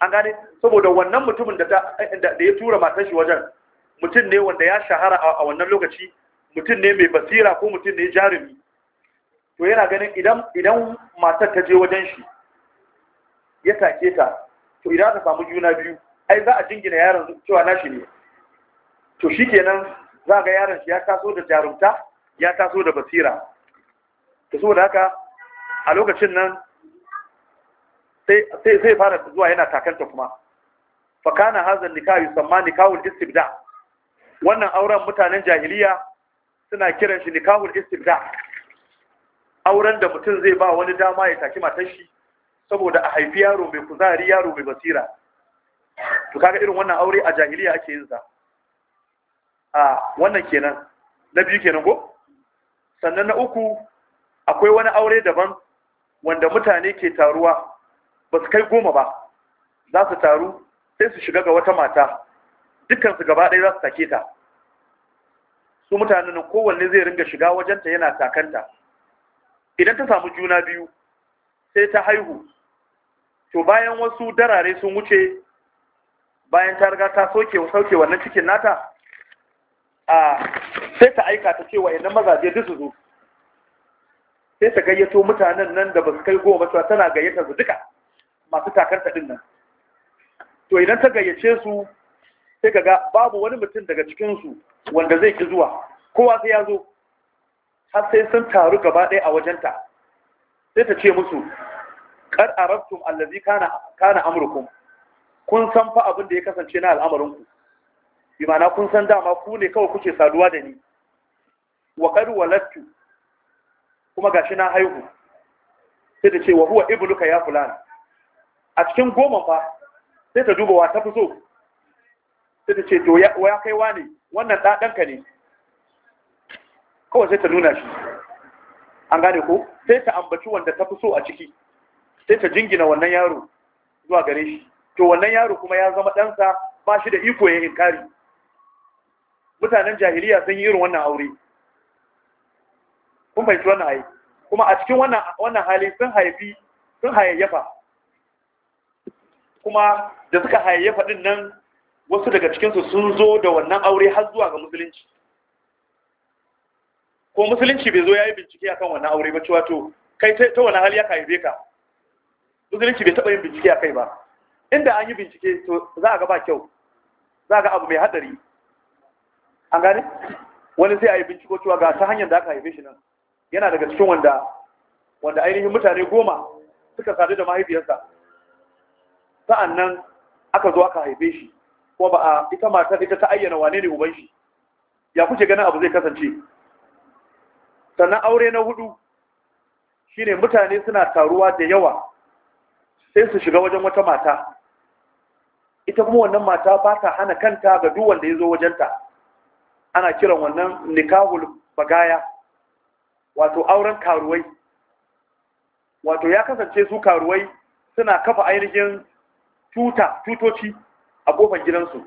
an gane saboda wannan mutumin da ya tura matan shi wajen mutum ne wanda ya shahara a wannan lokaci mutum ne mai basira ko mutum ne jarumi to yana ganin idan matar ta je wajen shi ya take ta to idan ta samu juna biyu ai za a jingina yaron cewa shi ne to shi kenan za ga yaron shi ya taso da jarumta ya taso da basira da saboda haka a lokacin nan sai fara zuwa yana takanta kuma fakana hazan nikawi samma nikawul nikahul istibda wannan auren mutanen jahiliya suna kiran shi nikahul istibda auren da mutum zai ba wani dama ya taki matar shi saboda a haifi yaro mai kuzari yaro mai basira to kaga irin wannan aure a jahiliya ake yin sa a ah, wannan kenan na biyu kenan ko sannan na uku akwai wani aure daban wanda mutane ke taruwa ba su kai goma ba za su taru sai su shiga ga wata mata dukansu gaba ɗaya za su take ta su mutanen kowanne zai ringa shiga wajenta yana takanta idan ta samu juna biyu sai ta haihu to bayan wasu darare sun wuce bayan ta riga ta soke sauke wannan cikin nata a sai ta aika ta cewa idan mazaje duk su zo sai ta gayyato mutanen nan da ba su kai goma ba tana gayyata su duka masu takarta din nan to idan ta gayyace su sai ka ga babu wani mutum daga cikinsu wanda zai ki zuwa kowa sai ya zo har sai sun taru gaba ɗaya a wajenta sai ta ce musu kar arabtum allazi kana kana amrukum kun san fa abin da ya kasance na al'amarinku bi ma'ana kun san dama ku ne kawai kuke saduwa da ni wa qad walattu kuma gashi na haihu sai ta ce wa huwa ibnuka ya fulana a cikin goma fa sai ta duba wa ta fi so sai ta ce to ya kai wa ne wannan ɗanka ne kawai sai ta nuna shi an gane ko sai ta ambaci wanda ta fi so a ciki sai ta jingina wannan yaro zuwa gare shi to wannan yaro kuma ya zama ɗansa ba shi da iko ya inkari mutanen jahiliya sun yi irin wannan aure kun fahimci wannan haifi kuma a cikin wannan hali sun haifi sun hayayyafa kuma da suka hayayyafa din nan wasu daga cikinsu sun zo da wannan aure har zuwa ga musulunci ko musulunci bai zo ya yi bincike akan wannan aure ba cewa to kai ta wani hali ya haife ka musulunci bai taɓa yin bincike a kai ba inda an yi bincike to za a ga ba kyau za a ga abu mai haɗari an gane wani sai a yi binciko cewa ga ta hanyar da aka haife shi nan yana daga cikin wanda wanda ainihin mutane goma suka sadu da mahaifiyarsa sa'annan aka zo aka haife shi ko ba a ita matar ita ta ayyana wane ne uban shi ya kuke ganin abu zai kasance sannan aure na hudu shine mutane suna taruwa da yawa sai su shiga wajen wata mata ita kuma wannan mata ba ta hana kanta ga duk wanda ya zo wajenta ana kiran wannan nikahul bagaya wato auren karuwai wato ya kasance su karuwai suna kafa ainihin tuta tutoci a kofar gidansu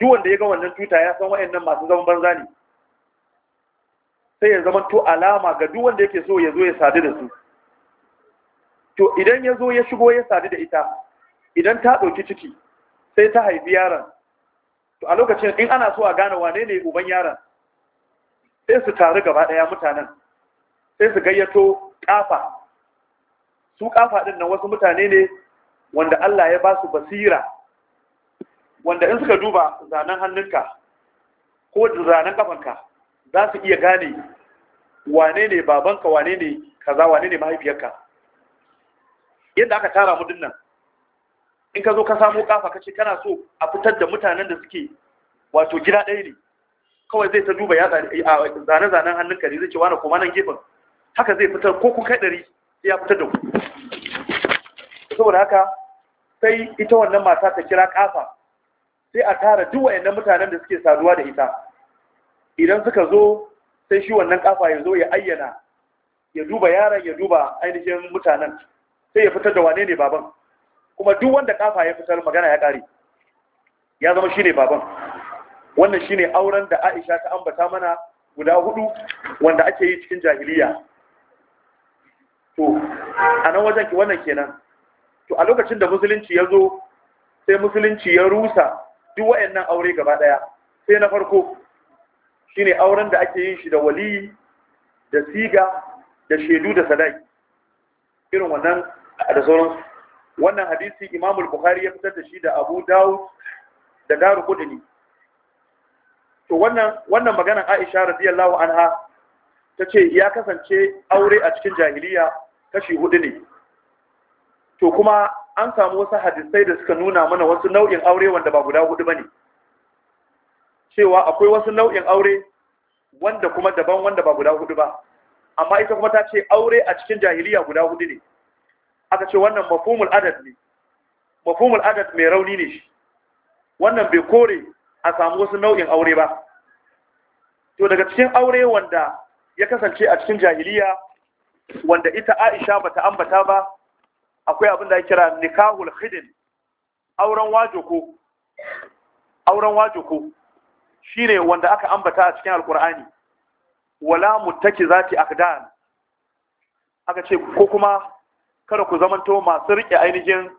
duk wanda ya ga wannan tuta ya san wa'annan masu zaman banza ne sai ya zama to alama ga duk wanda yake so ya zo ya sadu da su to idan ya zo ya shigo ya sadu da ita idan ta ɗauki ciki sai ta haifi yaron to a lokacin in ana so a gane wane ne uban yaron sai su taru gaba ɗaya mutanen sai su gayyato kafa su kafa din nan wasu mutane ne wanda Allah ya ba su basira wanda in suka duba zanen hannunka ko zanen kafanka za su iya gane wane ne babanka wane ne kaza wane ne mahaifiyarka yadda aka tara mu dinnan in ka zo ka samu kafa kace kana so a fitar da mutanen da suke wato gida ɗaya ne kawai zai ta duba ya zane-zanen hannunka ne zai ce wane kuma nan gefen haka zai fitar ko kuka ɗari ya fitar da ku saboda haka sai ita wannan mata ta kira ƙafa, sai a tara duk wayannan mutanen da suke saduwa da ita idan suka zo sai shi wannan ƙafa ya zo ya ayyana ya duba yaron ya duba ainihin mutanen sai ya fitar da wane ne baban kuma duk wanda ƙafa ya fitar magana ya ƙare, ya zama shine baban wannan shine auren da Aisha ta ambata mana guda hudu wanda ake yi cikin jahiliya to a nan wajen wannan kenan to a lokacin da musulunci ya zo sai musulunci ya rusa duk wayannan aure gaba daya sai na farko shine auren da ake yin shi da wali da siga da shedu da sadaki irin wannan da sauransu wannan hadisi imamul bukhari ya fitar da shi da abu dawud da daru kudini to wannan wannan maganar aisha radiyallahu anha tace ya kasance aure a cikin jahiliya kashi hudu ne to kuma an samu wasu hadisai da suka nuna mana wasu nau'in aure wanda ba guda hudu ne. cewa akwai wasu nau'in aure wanda kuma daban wanda ba guda hudu ba amma ita kuma ta ce aure a cikin jahiliya guda hudu ne aka ce wannan mafumul adad ne Mafumul adad mai rauni ne shi wannan bai kore a samu wasu nau'in aure ba to daga cikin aure wanda ya kasance a cikin jahiliya wanda ita Aisha bata ambata ba akwai abin da kira nikahul khidin auren wajoko auren wajoko shine wanda aka ambata a cikin alkur'ani wala muttaki zati akdan aka ce ko kuma kada ku zamanto masu rike ainihin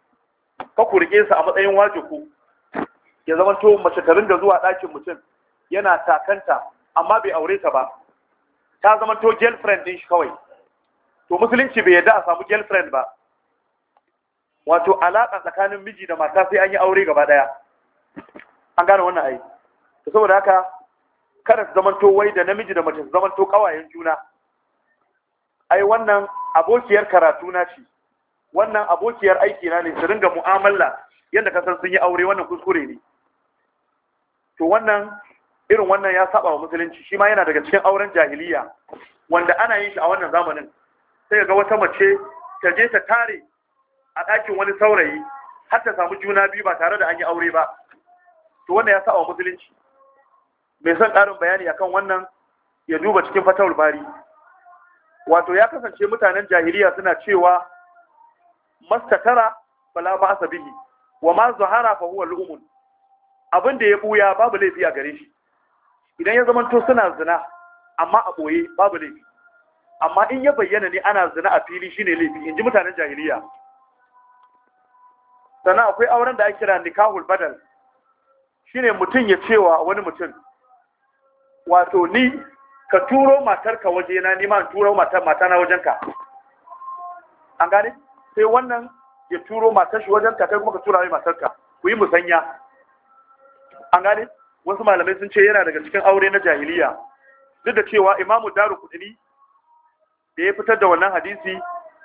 ka ku su a matsayin wajoko ya zamanto mace ta da zuwa ɗakin mutum yana takanta amma bai aure ta ba ta zamanto girlfriend din shi kawai to musulunci bai yadda a samu girlfriend ba wato alaƙa tsakanin miji da mata sai an yi aure gaba ɗaya an gane wannan ai to saboda haka kada su zamanto wai da namiji da mace su zamanto ƙawayen juna ai wannan abokiyar karatu na ce wannan abokiyar aiki na ne su ringa mu'amala yadda kasan sun yi aure wannan kuskure ne to wannan irin wannan ya saba wa musulunci shi ma yana daga cikin auren jahiliya wanda ana yin shi a wannan zamanin sai ga wata mace ta je ta tare a ɗakin wani saurayi har ta samu juna biyu ba tare da an yi aure ba to wannan ya saba musulunci mai son ƙarin bayani akan wannan ya duba cikin fatawar bari wato ya kasance mutanen jahiliya suna cewa mastatara bala ba asabihi wa ma zuhara fa huwa lu'umun abin da ya buya babu laifi a gare shi idan ya zamanto suna zina amma a boye babu laifi amma in ya bayyana ne ana zina a fili shine laifi in ji mutanen jahiliya sannan akwai auren da ake kira nikahul badal shine mutum ya cewa wani mutum wato ni ka turo matarka wajena ni ma turo matar wajen wajenka an gane sai wannan ya turo matar shi ka kai kuma ka tura mai matarka ku yi musanya an gane wasu malamai sun ce yana daga cikin aure na jahiliya duk da cewa imamu daru kudini da ya fitar da wannan hadisi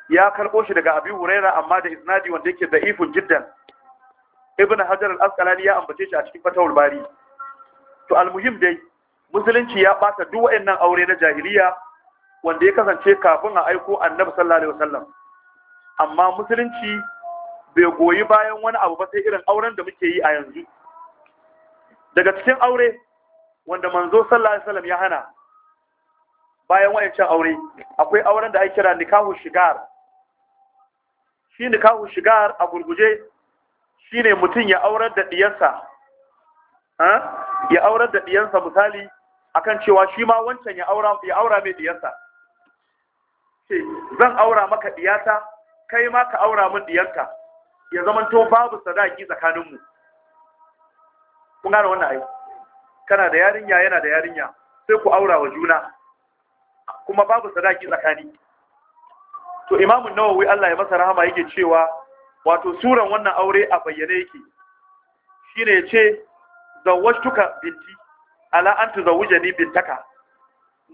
ya karbo shi daga abi huraira amma da isnadi wanda yake za'ifin jiddan ibn hajar al-asqalani ya ambace shi a cikin fatawul bari to almuhim dai musulunci ya bata duk wayannan aure na jahiliya wanda ya kasance kafin a aiko annabi sallallahu alaihi wasallam amma musulunci bai goyi bayan wani abu ba sai irin auren da muke yi a yanzu daga cikin aure wanda manzo sallallahu alaihi wasallam ya hana bayan wayancan aure akwai auren da ake kira nikahu shigar shi nikahu shigar a gurguje shine mutum ya aurar da diyarsa ya aurar da diyarsa misali akan cewa shi ma wancan ya aura ya aura mai diyarsa ce zan aura maka diyata kai ma ka aura min diyarka ya to babu sadaki tsakaninmu kun gane wannan ai kana da yarinya yana da yarinya sai ku aura wa juna kuma babu sadaki tsakani to imamu nawawi Allah ya masa rahama yake cewa wato suran wannan aure a bayyane yake shine yace zawwajtuka binti ala an tuzawwijani bintaka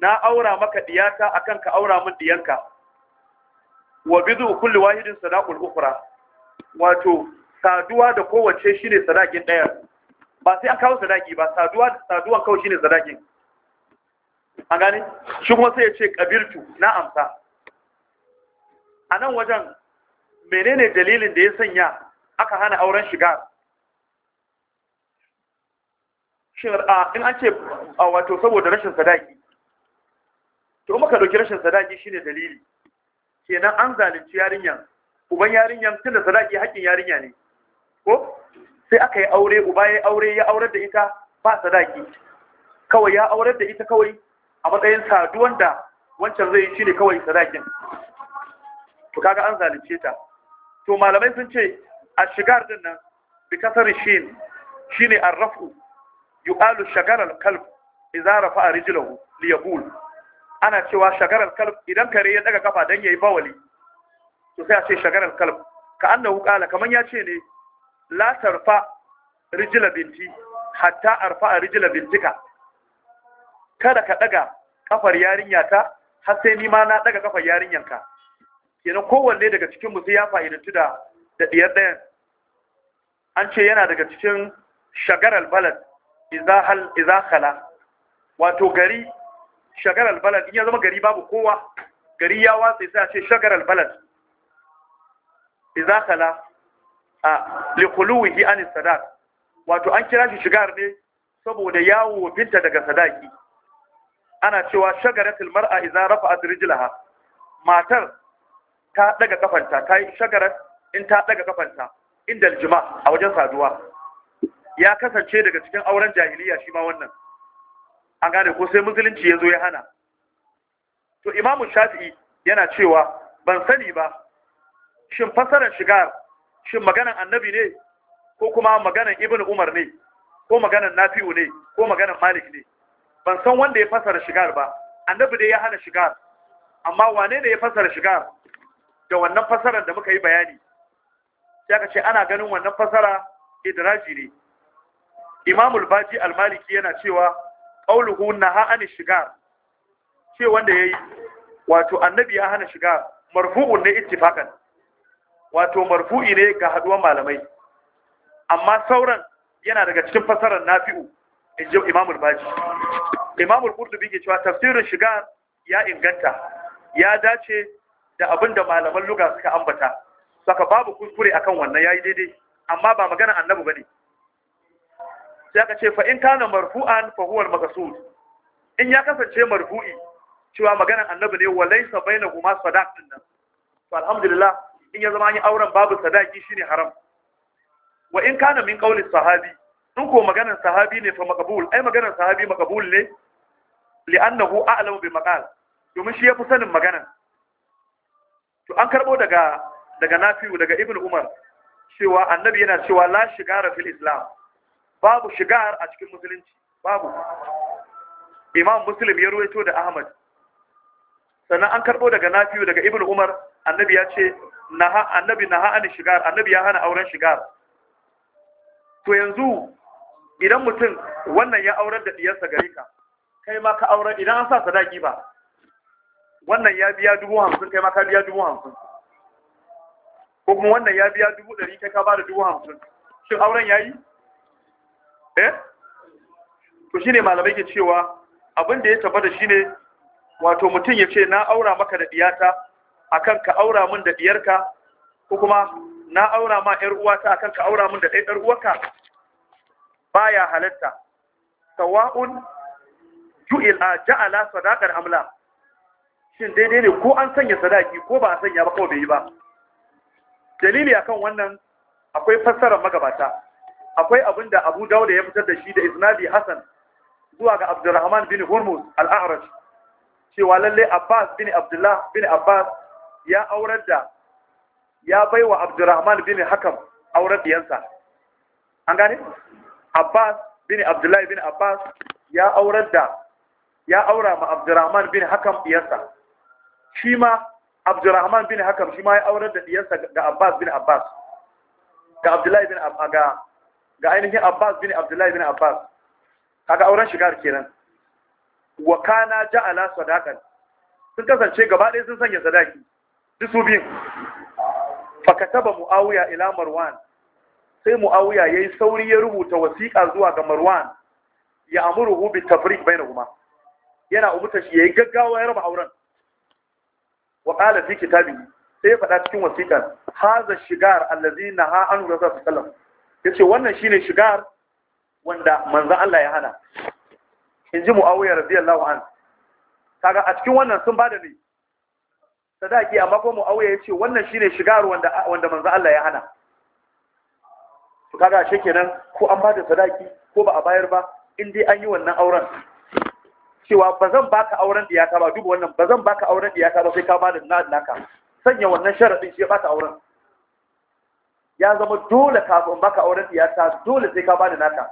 na aura maka diyata akan ka aura min diyanka wa bidu kulli wahidin sadaqul ukhra wato saduwa da kowace shine sadakin daya ba sai an kawo sadaki ba saduwa saduwan kawai shine sadakin A gane shi kuma sai ya ce kabirtu na amsa a nan wajen menene dalilin da ya sanya aka hana auren shiga in an ce wato saboda rashin sadaki to muka dauki rashin sadaki shine dalili kenan an zalunci yarinyan uban yarinyan da sadaki haƙƙin yarinya ne ko sai aka yi aure uba ya aure ya aurar da ita ba sadaki kawai ya aurar da ita kawai a matsayin saduwan da wancan zai yi shi ne kawai sadakin to kaga an zalunce ta to malamai sun ce a shigar din nan bi kasar shin shine arrafu yuqalu shagar al-kalb idza rafa rijlahu li yaqul ana cewa shagar al-kalb idan kare ya daga kafa dan yayi bawali to sai a ce shagar al-kalb ka annahu qala kaman ya ce ne la tarfa rijla binti hatta arfa rijla bintika kada ka daga kafar yarinya ta har sai ni ma na daga kafar yarinyanka kenan kowanne daga cikin mu sai ya fa'idantu da da diyar dayan an ce yana daga cikin shagaral balad idza hal wato gari shagaral balad in ya zama gari babu kowa gari ya watsa sai a ce shagaral balad Izakala. khala a liquluhi an sadaq wato an kira shi shigar ne saboda yawo binta daga sadaki ana cewa shagaratul mar'a idza rafa'at rijlaha matar ta daga kafanta kai shagarat in ta daga kafanta inda aljima a wajen saduwa ya kasance daga cikin auren jahiliya shi ma wannan an gane ko sai musulunci ya ya hana to imamu shafi'i yana cewa ban sani ba shin fasarar shiga shin maganan annabi ne ko kuma maganan ibnu umar ne ko maganan nafi'u ne ko maganan malik ne ban san wanda ya fasara shigar ba annabi dai ya hana shigar amma wane ne ya fasara shigar da wannan fasaran da muka yi bayani sai aka ce ana ganin wannan fasara idraji ne imamul baji almaliki yana cewa qauluhu naha an shigar ce wanda yayi wato annabi ya hana shigar marfu'un ne ittifaqan wato marfu'i ne ga haduwan malamai amma sauran yana daga cikin fasarar nafi'u inji al baji imamul qurtubi ke cewa tafsirin shiga ya inganta ya dace da abinda malaman luga suka ambata saka babu kuskure akan wannan yayi daidai amma ba magana annabi bane sai aka ce fa in kana marfu'an fa huwa al-maqsud in ya kasance marfu'i cewa magana annabi ne walaysa laysa bainahuma sadaq din nan to alhamdulillah in ya zama an yi auren babu sadaki shine haram wa in kana min qawli sahabi in ko maganar sahabi ne fa maqbul ai maganar sahabi maqbul ne li'annahu a'lamu bi maqal domin shi yafi sanin maganar to an karbo daga daga Nafi'u daga Ibn Umar cewa annabi yana cewa la shigara fil islam babu shigar a cikin musulunci babu imam muslim ya ruwaito da ahmad sannan an karbo daga nafiu daga ibn umar annabi ya ce annabi na an shigar annabi ya hana auren shigar to yanzu idan mutum wannan ya aurar da diyarsa gare ka kai ma ka aurar idan an sa sadaki ba wannan ya biya dubu hamsin kai ma ka biya dubu hamsin ko kuma wannan ya biya dubu ɗari kai ka ba da dubu hamsin shin auren ya yi eh to shine malamai ke cewa abin da ya tabbata shine wato mutum ya ce na aura maka da diyata akan ka aura min da diyarka ko kuma na aura ma 'yar uwata akan ka aura min da ɗaya uwarka baya halatta sawa'un a ja'ala sadaqar amla shin daidai ne ko an sanya sadaki ko ba a sanya ba ko bai yi ba dalili akan wannan akwai fassarar magabata akwai abinda Abu Dawud ya fitar da shi da isnadi Hassan zuwa ga Abdurrahman bin Hurmuz al-A'raj cewa lalle Abbas bin Abdullah bin Abbas ya aurar da ya baiwa Abdurrahman bin Hakam aurar diyansa an gane Abbas bin Abdullahi bin Abbas ya aurar da ya aura ma Abdurrahman bin Hakam diyarsa shi ma Abdurrahman bin Hakam shi ma ya aurar da diyarsa ga Abbas bin Abbas ga Abdullahi bin Abaga ga ainihin Abbas bin Abdullahi bin Abbas kaga auren shigar kenan wa kana ja'ala sadaqan sun kasance gaba ɗaya sun sanya sadaki duk su bin fa kataba muawiya ila marwan sai muawiya yayi sauri ya rubuta wasiƙa zuwa ga marwan ya amuruhu bi tafriq kuma. yana umuta shi yayi gaggawa ya raba auren wa qala fi kitabi sai ya faɗa cikin wasiƙar haza shigar allazi ha an rasul sallallahu yace wannan shine shigar wanda manzo Allah ya hana inji muawiya radiyallahu anhu kaga a cikin wannan sun bada ne sadaki amma ko muawiya yace wannan shine shigar wanda wanda manzo Allah ya hana kaga ashe kenan ko an ba da sadaki ko ba a bayar ba in dai an yi wannan auren cewa ba zan baka auren da ya ta ba duba wannan ba zan baka auren da ya ta ba sai ka ba da naka sanya wannan sharadin shi ya bata auren ya zama dole ba baka auren da ya ta dole sai ka ba da naka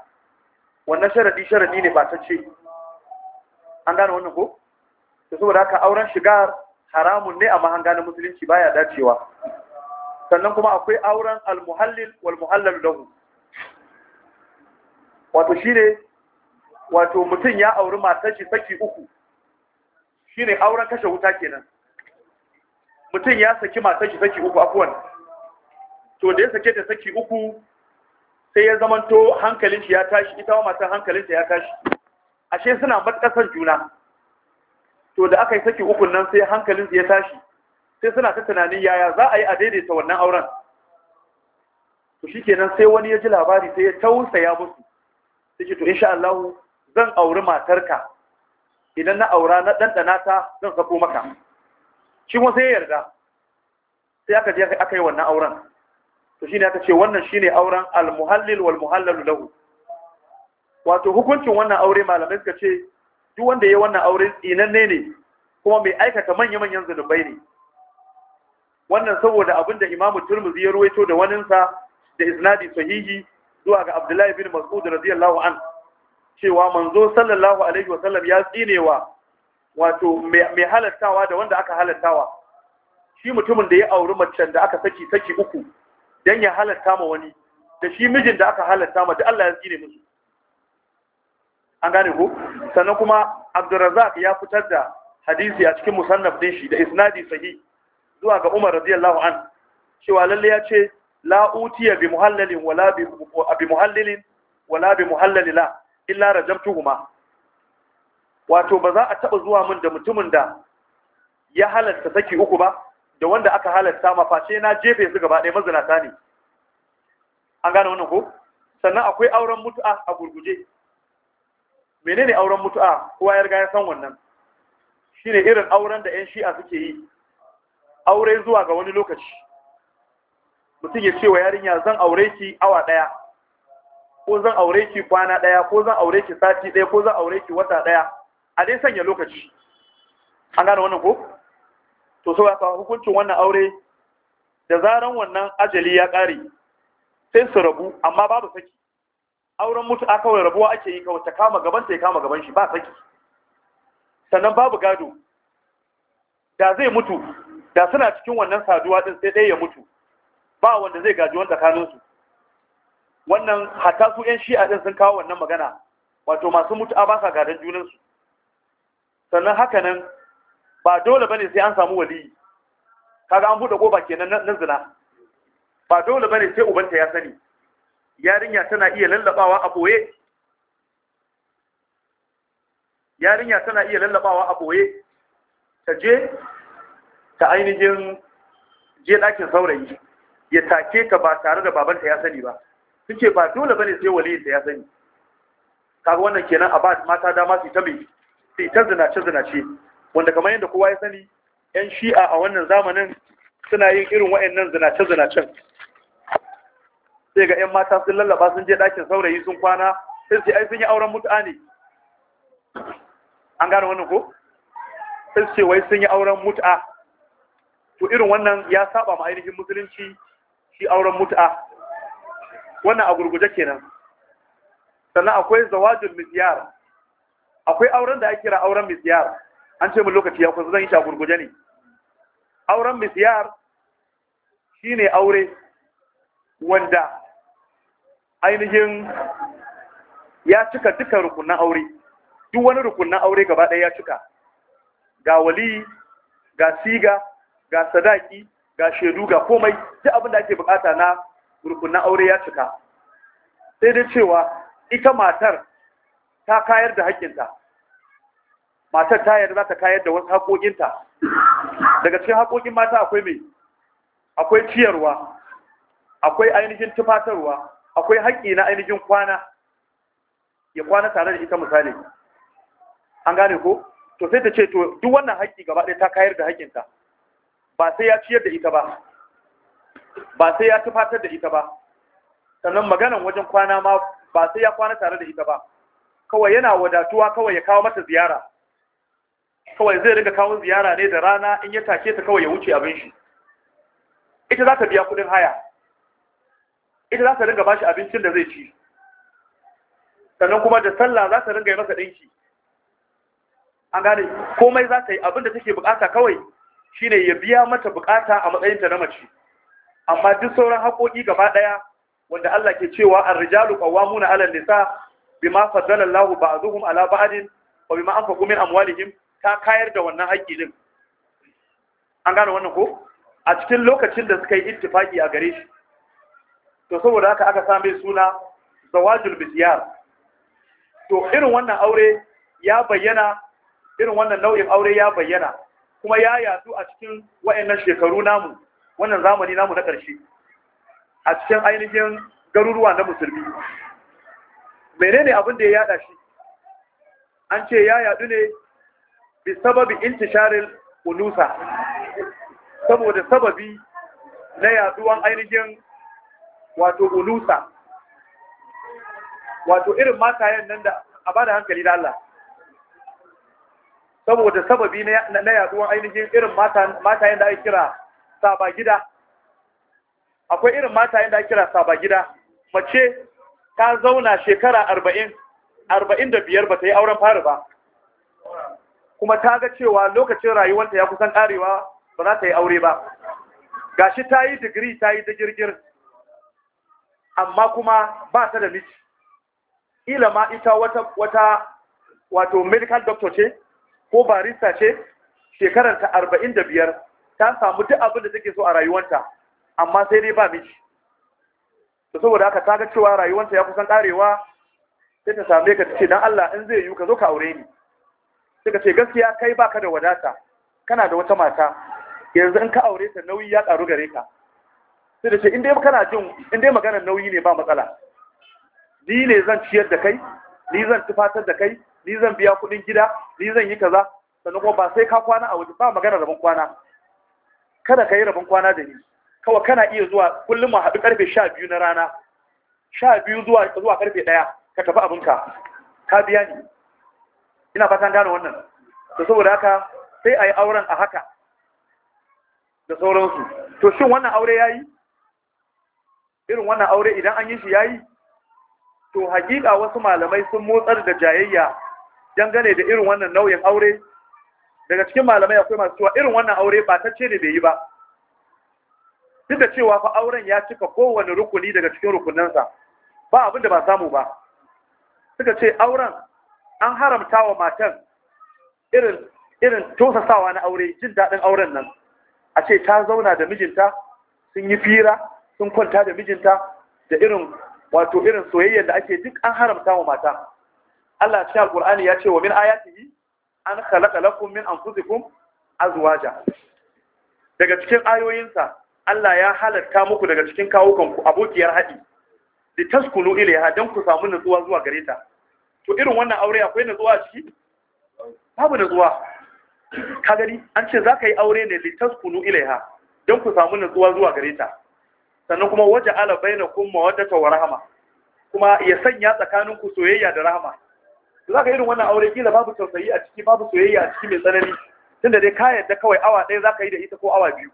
wannan sharadi sharadi ne ba ta ce an gane wannan ko to saboda haka auren shigar haramun ne amma an gane musulunci baya dacewa sannan kuma akwai auren almuhallil walmuhallar da lahu wato shi ne? wato mutum ya auri matar shi saki uku Shi ne auren kashe wuta kenan mutum ya saki matar shi saki uku afuwan. to da ya sake ta saki uku sai ya zamanto hankalin shi ya tashi ita wa matar hankalin ta ya tashi ashe suna matkasar juna to da aka yi saki ukun nan sai hankalin ya tashi sai suna ta tunanin yaya za a yi a daidaita wannan auren to kenan sai wani ya ji labari sai ya tausaya musu sai to insha Allah zan auri matarka idan na aura na dandana ta zan sako maka shi kuma sai ya yarda sai aka je aka yi wannan auren to shine aka ce wannan shine auren al-muhallil wal muhallalu lahu wato hukuncin wannan aure malamai suka ce duk wanda ya wannan aure tsinanne ne kuma mai aikata manya-manyan zunubai ne wannan saboda abin da imamu turmuzi ya ruwaito da waninsa da isnadi sahihi zuwa ga abdullahi bin mas'ud radiyallahu an cewa manzo sallallahu alaihi wa sallam ya tsinewa wato mai halattawa da wanda aka halattawa shi mutumin da ya auri macen da aka saki saki uku dan ya halatta ma wani da shi mijin da aka halatta ma da Allah ya tsine musu an gane ko sannan kuma abdurrazzaq ya fitar da hadisi a cikin musannaf din shi da isnadi sahih zuwa ga Umar radiyallahu an cewa lalle ya ce la utiya bi muhallalin wala bi muhallalin wala bi muhallalila illa rajamtuhuma wato ba za a taɓa zuwa mun da mutumin da ya halatta saki uku ba da wanda aka halatta ma face na jefe su gaba ɗaya mazinata ne an gane wannan ko sannan akwai auren mutu'a a gurguje menene auren mutu'a kowa ya riga ya san wannan shine irin auren da 'yan shi'a suke yi aure zuwa ga wani lokaci mutum ya ce wa yarinya zan aure ki awa ɗaya ko zan aure ki kwana ɗaya ko zan aure ki sati ɗaya ko zan aure ki wata ɗaya a dai sanya lokaci an gane wannan ko to so ya hukuncin wannan aure da zaran wannan ajali ya ƙare sai su rabu amma babu saki auren mutu aka kawai rabuwa ake yi kawai ta kama gaban ta ya kama gaban shi ba saki sannan babu gado da zai mutu da suna cikin wannan saduwa din sai ɗaya ya mutu ba wanda zai gaji wani tsakaninsu wannan hatta su yan shi'a din sun kawo wannan magana wato masu mutu'a ba sa gadon junansu sannan haka nan ba dole bane sai an samu waliyi kaga an buɗe ƙofa kenan na zina ba dole bane sai ubanta ya sani yarinya tana iya lallabawa a boye yarinya tana iya lallabawa a boye ta je ta ainihin je ɗakin saurayi ya take ka ba tare da babanta ya sani ba suke ba dole bane sai ta ya sani kaga wannan kenan a ba mata dama su ta mai su ta zinace zinace wanda kamar yadda kowa ya sani yan shi'a a wannan zamanin suna yin irin wa'annan zinace zinacen sai ga yan mata sun lallaba sun je ɗakin saurayi sun kwana sai su ai sun yi auren mutu'a ne an gane wannan ko sai su ce wai sun yi auren mutu'a to irin wannan ya saba ma ainihin musulunci shi auren mut'a wannan a gurguje kenan sannan akwai zawajul misiyar. akwai auren da ake kira auren misyar an ce mu lokaci ya kusa zan yi shi a gurguje ne auren shi shine aure wanda ainihin ya cika duka rukunan aure duk wani rukunan aure gaba ɗaya ya cika ga wali ga siga ga sadaki ga shaidu ga komai duk abin da ake bukata na rukunin aure ya cika sai dai cewa ita matar ta kayar da haƙƙinta matar ta yarda za ta kayar da wasu haƙoƙinta daga cikin haƙoƙin mata akwai mai akwai ciyarwa akwai ainihin tufatarwa akwai haƙƙi na ainihin kwana ya kwana tare da ita misali an gane ko to sai ta ce to duk wannan haƙƙi gaba ɗaya ta kayar da haƙƙinta ba sai ya ciyar da ita ba ba sai ya tufatar da ita ba sannan maganan wajen kwana ma ba sai ya kwana tare da ita ba kawai yana wadatuwa kawai ya kawo mata ziyara kawai zai riga kawo ziyara ne da rana in ya take ta kawai ya wuce abin shi ita za ta biya kudin haya ita za ta ringa bashi abincin da zai ci sannan kuma da sallah za ta ringa yi masa ɗinki an gane komai za ta yi abin da take bukata kawai shine ya biya mata bukata a matsayin ta na mace amma duk sauran haƙoƙi gaba ɗaya wanda Allah ke cewa ar-rijalu qawwamuna 'ala an-nisa bima faddala Allahu ba'dhum 'ala ba'din wa bima anfaqu min amwalihim ta kayar da wannan haƙƙi din an gane wannan ko a cikin lokacin da suka yi ittifaki a gare shi to saboda haka aka same suna zawajul bidiyar to irin wannan aure ya bayyana irin wannan nau'in aure ya bayyana kuma ya yatsu a cikin wayannan shekaru namu wannan zamani namu na ƙarshe a cikin ainihin garuruwa na musulmi menene abin da ya yada shi an ce ya yadu ne bi sababi intisharil unusa. saboda sababi na yaduwan ainihin wato unusa, wato irin matayen nan da a bada hankali da Allah saboda sababi na yaduwan ainihin irin matayen da ake kira saba gida akwai irin matayen da ake kira saba gida mace ta zauna shekara arba'in da biyar ba ta yi auren fari ba kuma ta ga cewa lokacin rayuwarta ya kusan karewa ba za ta yi aure ba gashi ta yi digiri ta yi digirgir amma kuma ba ta da miji ila ma ita wata wato medical doctor ce ko barista ce shekarar ta arba'in da biyar ta samu duk abin da take so a rayuwanta amma sai dai ba miji da saboda haka ta ga cewa rayuwanta ya kusan karewa sai ta same ka ce dan Allah in zai yiwu ka zo ka aure ni sai ka ce gaskiya kai baka da wadata kana da wata mata yanzu in ka aure ta nauyi ya karu gare ka sai da ce in dai kana jin in dai maganar nauyi ne ba matsala ni ne zan ciyar da kai ni zan tufatar da kai ni zan biya kuɗin gida ni zan yi kaza sannan kuma ba sai ka kwana a waje ba magana rabon kwana kada ka yi rabon kwana da ni kawai kana iya zuwa kullum mu haɗu karfe sha biyu na rana sha biyu zuwa zuwa karfe ɗaya ka tafi abinka ka biya ni ina fatan gane wannan to saboda haka sai a yi auren a haka da sauransu to shin wannan aure ya yi irin wannan aure idan an yi shi ya yi to hakika wasu malamai sun motsar da jayayya dangane da irin wannan nau'in aure daga cikin malamai akwai masu cewa irin wannan aure ba ta ce da bai yi ba duk da cewa fa auren ya cika kowane rukuni daga cikin rukunansa ba abin da ba samu ba suka ce auren an haramta wa matan irin irin tosasawa na aure jin daɗin auren nan a ce ta zauna da mijinta sun yi fira sun kwanta da mijinta da irin wato irin soyayyar da ake duk an haramta wa mata Allah cikin Al-Qur'ani ya ce wa min ayatihi an khalaqa lakum min anfusikum azwaja daga cikin ayoyinsa Allah ya halatta muku daga cikin kawukanku abokiyar haɗi da taskulu ilaiha don ku samu nutsuwa zuwa gare ta to irin wannan aure akwai nutsuwa a ciki babu nutsuwa ka gani an ce za ka yi aure ne da taskulu ilaiha don ku samu nutsuwa zuwa gare ta sannan kuma waje ala bainakum mawaddata wa rahama kuma ya sanya tsakaninku soyayya da rahama za ka irin wannan aure kila babu tausayi a ciki babu soyayya a ciki mai tsanani tunda dai ka yadda kawai awa ɗaya za ka yi da ita ko awa biyu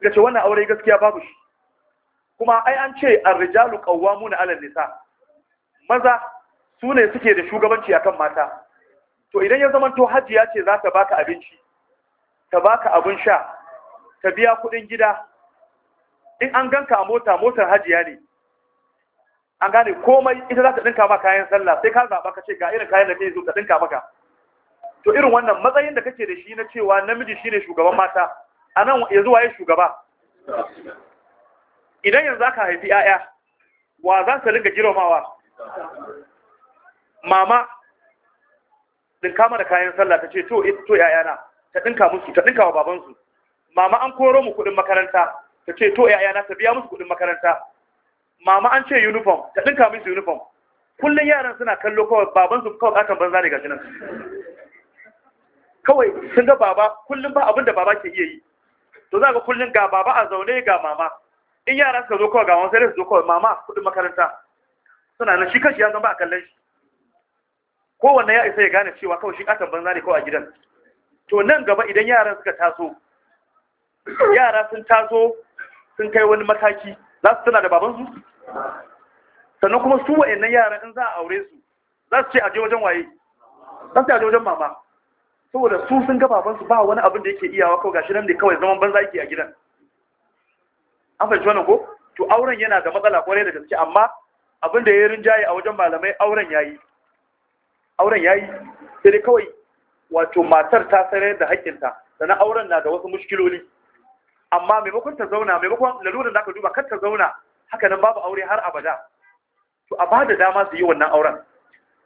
ga ce wannan aure gaskiya babu shi kuma ai an ce Rijalu arrijalu na alal nisa maza su ne suke da shugabanci akan mata to idan ya zama to hajiya ce za ta baka abinci ta baka abin sha ta biya kuɗin gida in an ganka a mota motar hajiya ne an gane komai ita za ta dinka ma kayan sallah sai ka zaba ka ce ga irin kayan da ke so ta dinka maka to irin wannan matsayin da kake da shi na cewa namiji shine shugaban mata anan yanzu waye shugaba idan yanzu aka haifi 'ya'ya, wa za ka dinga girmamawa mama dinka mana kayan sallah ta ce to to ƴaƴana ta dinka musu ta dinka wa babansu mama an koro mu kuɗin makaranta ta ce to ƴaƴana ta biya musu kuɗin makaranta mama an ce uniform ta ɗinka musu uniform kullum yaran suna kallo kawai baban su kawai katon banza ne gashi nan kawai sun ga baba kullum ba abinda baba ke iya yi to za kullun kullum ga baba a zaune ga mama in yara suka zo kawai ga wani sai su zo kawai mama kudin makaranta suna nan shi kashi ya san ba a kallon shi kowanne ya isa ya gane cewa kawai shi katon banza ne kawai a gidan to nan gaba idan yaran suka taso yara sun taso sun kai wani mataki za su tana da babansu sannan kuma su wa'annan yaran in za a aure su za su ce a jojen waye za su ce a jojen mama saboda su sun ga babansu ba wani abin da yake iyawa kawai gashi nan da kawai zaman banza yake a gidan an fahimci wannan ko to auren yana da matsala kwarai da gaske amma abin da ya rinjaye a wajen malamai auren yayi auren yayi sai dai kawai wato matar ta da haƙƙinta sannan auren na da wasu mushkiloli amma maimakon ta zauna maimakon lalurar da aka duba kar ta zauna haka nan babu aure har abada to a bada dama su yi wannan auren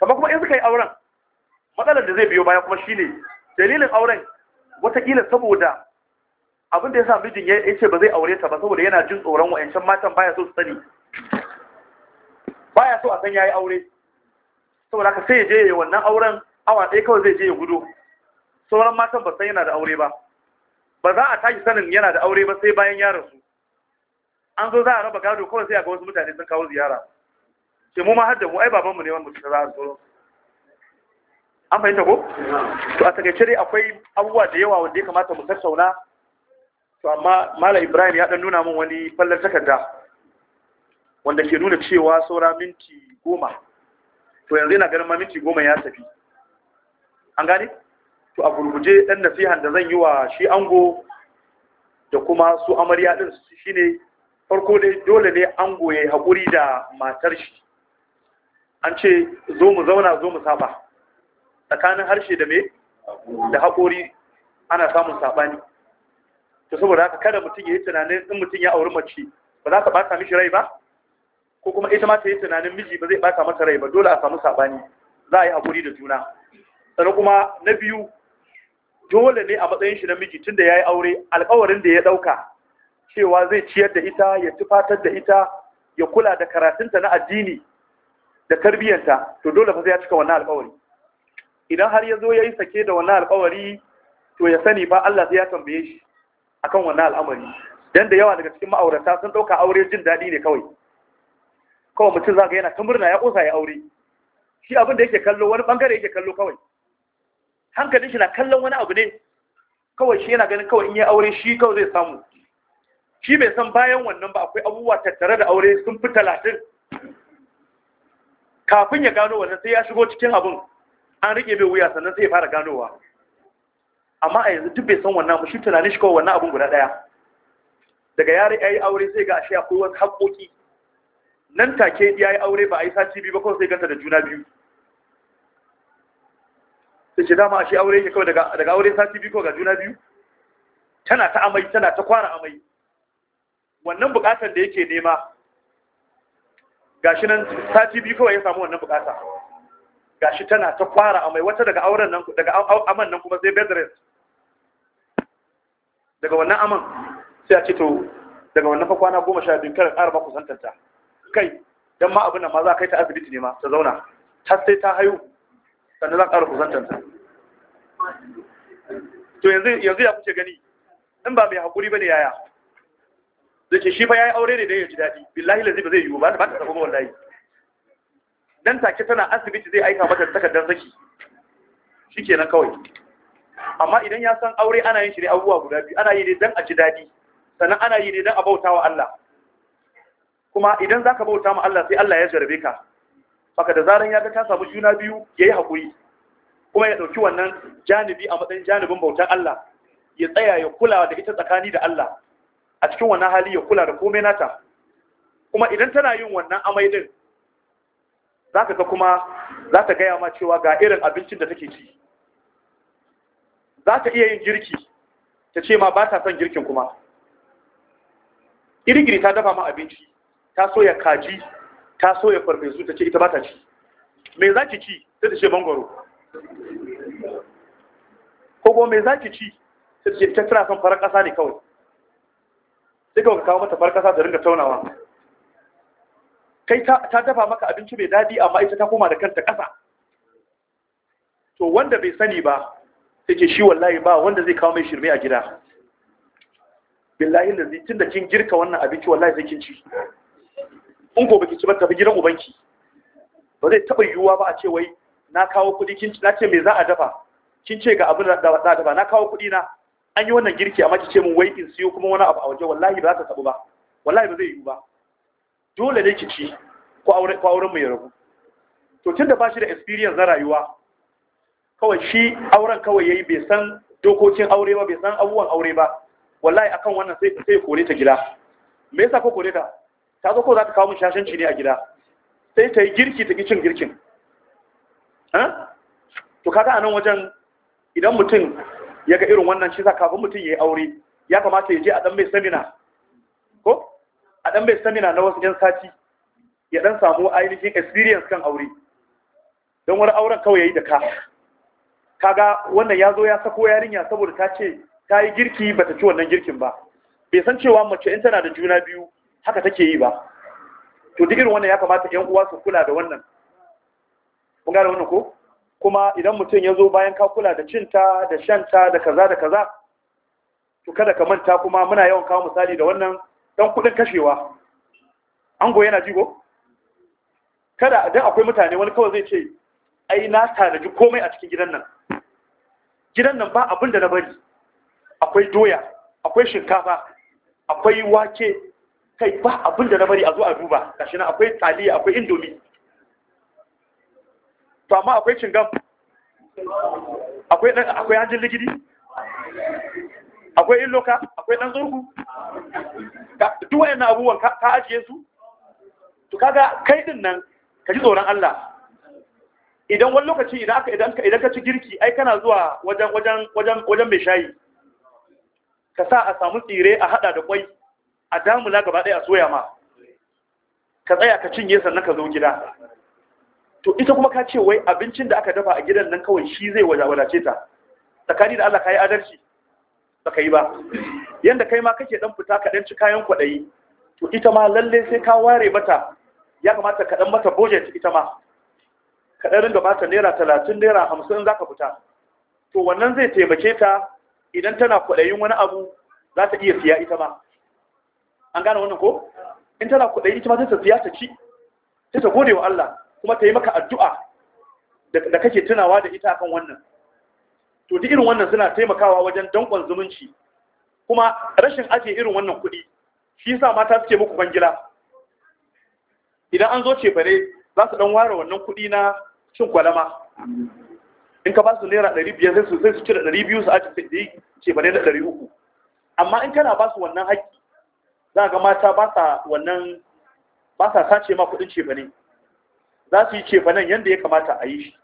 kamar kuma in suka yi auren matsalar da zai biyo baya kuma shine dalilin auren watakila saboda abin da ya sa mijin ya ce ba zai aure ta ba saboda yana jin tsoron wa'ancan matan baya so su sani baya so a san yayi aure saboda ka sai ya je ya wannan auren awa ɗaya kawai zai je ya gudu sauran matan ba san yana da aure ba ba za a tashi sanin yana da aure ba sai bayan ya su. an zo za a raba gado kawai sai a ga wasu mutane sun kawo ziyara ce mu ma da mu ai mu ne wanda za a zo an fahimta ko to a takaice dai akwai abubuwa da yawa wanda ya kamata mu tattauna to amma mala ibrahim ya dan nuna min wani fallar takarda wanda ke nuna cewa saura minti goma to yanzu ina ganin ma minti goma ya tafi an gane to a gurguje ɗan nasihan da zan yi wa shi ango da kuma su amarya ɗin shi ne farko dai dole ne ango ya yi haƙuri da matar shi an ce zo mu zauna zo mu saba tsakanin harshe da me da haƙori ana samun saɓani to saboda haka kada mutum ya yi tunanin in mutum ya auri mace ba za ka ɓata mishi rai ba ko kuma ita ma ta yi tunanin miji ba zai ɓata mata rai ba dole a samu saɓani za a yi haƙuri da juna sannan kuma na biyu dole ne a matsayin shi namiji tunda yayi aure alƙawarin da ya ɗauka, cewa zai ciyar da ita ya tufatar da ita ya kula da karatunta na addini da tarbiyyanta to dole fa sai ya cika wannan alƙawari idan har ya zo ya yi sake da wannan alƙawari to ya sani ba Allah sai ya tambaye shi akan wannan al'amari dan da yawa daga cikin ma'aurata sun ɗauka aure jin daɗi ne kawai kawai mutum zaka yana ta murna ya kosa ya aure shi abin da yake kallo wani bangare yake kallo kawai hankalin shi na kallon wani abu ne kawai shi yana ganin kawai in yi aure shi kawai zai samu shi bai san bayan wannan ba akwai abubuwa tattare da aure sun fi talatin kafin ya gano wannan sai ya shigo cikin abin an rike bai wuya sannan sai ya fara ganowa amma a yanzu duk bai san wannan ba shi tunanin shi kawai wannan abin guda ɗaya daga yare ya yi aure sai ga ashe akwai wasu haƙoƙi nan take ya yi aure ba a yi sati biyu ba kawai sai ganta da juna biyu ta ce dama shi aure ya kawai daga aure sati biyu ko ga juna biyu tana ta amai tana ta kwara amai wannan bukatar da yake nema gashi nan sati biyu kawai ya samu wannan bukata gashi tana ta kwara amai wata daga auren nan daga aman nan kuma sai bed daga wannan aman sai a ce to daga wannan fa kwana goma sha biyu karin ƙara ba kusantanta kai don ma abin nan ma za a kai ta asibiti ne ma ta zauna har sai ta haihu sannan za ƙara kusantansa to yanzu ya kuce gani in ba mai haƙuri ba ne yaya da ke shi fa ya yi aure ne da ya ji daɗi billahi lazi ba zai yiwu ba ba ta samu wallahi dan take tana asibiti zai aika mata takardar saki kenan kawai amma idan ya san aure ana yin shi ne abubuwa guda biyu ana yi ne dan a ji daɗi sannan ana yi ne dan a bauta wa Allah kuma idan zaka bauta ma Allah sai Allah ya jarabe ka Baka da zaran ya ga ta samu juna biyu ya yi haƙuri kuma ya ɗauki wannan janibi a matsayin janibin bautan Allah ya tsaya ya kula da ita tsakani da Allah a cikin wannan hali ya kula da komai nata kuma idan tana yin wannan amai din za ka ga kuma za ta gaya ma cewa ga irin abincin da take ci za ta iya yin girki ta ce ma ba ta son girkin kuma irigiri ta dafa ma abinci ta soya kaji ta soya farfesu ta ce ita ba ta ci me za ki ci sai ta ce mangoro ko mai me za ki ci sai ta ce ita tana son farar ƙasa ne kawai sai kawai ka kawo mata farar ƙasa da ringa taunawa kai ta dafa maka abinci mai daɗi amma ita ta koma da kanta ƙasa to wanda bai sani ba sai ce shi wallahi ba wanda zai kawo mai shirme a gida billahi zai tun da kin girka wannan abinci wallahi sai kin ci in gobe ki ci ba tafi gidan ubanki ba zai taba yiwuwa ba a ce wai na kawo kuɗi kin na ce me za a dafa kin ce ga abin da za a dafa na kawo kuɗi na an yi wannan girki amma ki ce mun wai in siyo kuma wani abu a waje wallahi ba za ta tabu ba wallahi ba zai yiwu ba dole ne ki ci ko auren ko auren mu ya rabu to da ba shi da experience na rayuwa kawai shi auren kawai yayi bai san dokokin aure ba bai san abubuwan aure ba wallahi akan wannan sai sai kore ta gida me yasa ko kore ta ta zo ko za ta kawo min shashanci ne a gida sai ta yi girki ta kicin girkin to kaga a nan wajen idan mutum ya ga irin wannan shi za kafin mutum ya yi aure ya kamata ya je a ɗan mai samina ko a dan mai samina na wasu yan sati ya ɗan samu ainihin experience kan aure don wani auren kawai ya yi da ka kaga wannan ya zo ya sako yarinya saboda ta ce ta yi girki ba ta ci wannan girkin ba bai san cewa mace in tana da juna biyu haka take yi ba to duk irin wannan ya kamata ƴan uwa su kula da wannan kun gane wannan ko kuma idan mutum ya zo bayan ka kula da cinta da shanta da kaza da kaza to kada ka manta kuma muna yawan kawo misali da wannan dan kudin kashewa ango yana jigo kada dan akwai mutane wani kawai zai ce ai na ji komai a cikin gidan nan gidan nan ba abin da na bari akwai doya akwai shinkafa akwai wake kai ba abin da na bari a zo a duba gashi na akwai taliya akwai indomi to amma akwai cingam akwai dan akwai hanjin ligidi akwai iloka akwai dan zurgu duk wayannan abubuwan ka ajiye su to kaga kai din nan ka ji tsoron Allah idan wani lokaci idan idan ka idan ka ci girki ai kana zuwa wajen wajen wajen wajen mai shayi ka sa a samu tsire a hada da kwai a damula gaba ɗaya a soya ma ka tsaya ka cinye sannan ka zo gida to ita kuma ka ce wai abincin da aka dafa a gidan nan kawai shi zai wadace ta tsakani da Allah ka yi adalci ba ka yi ba yanda kai ma kake dan fita ka dan ci kayan kwaɗayi to ita ma lalle sai ka ware mata ya kamata ka dan mata budget ita ma ka dan ringa bata naira talatin naira hamsin za ka fita to wannan zai taimake ta idan tana kwaɗayin wani abu za ta iya siya ita ma an gane wannan ko in tana kuɗi ita ma sai ta siya ta ci sai ta gode wa Allah kuma ta yi maka addu'a da kake tunawa da ita akan wannan to duk irin wannan suna taimakawa wajen dankon zumunci kuma rashin ajiye irin wannan kuɗi shi yasa mata suke muku bangila idan an zo ce cefare za su dan ware wannan kuɗi na cin kwalama in ka ba su naira 500 biyar sai su su cire ɗari su ce sai na ɗari uku amma in kana ba su wannan haƙƙi za ga mata ba sa wannan ba sa sace ma kudin cefane za su yi cefanen yadda ya kamata a yi shi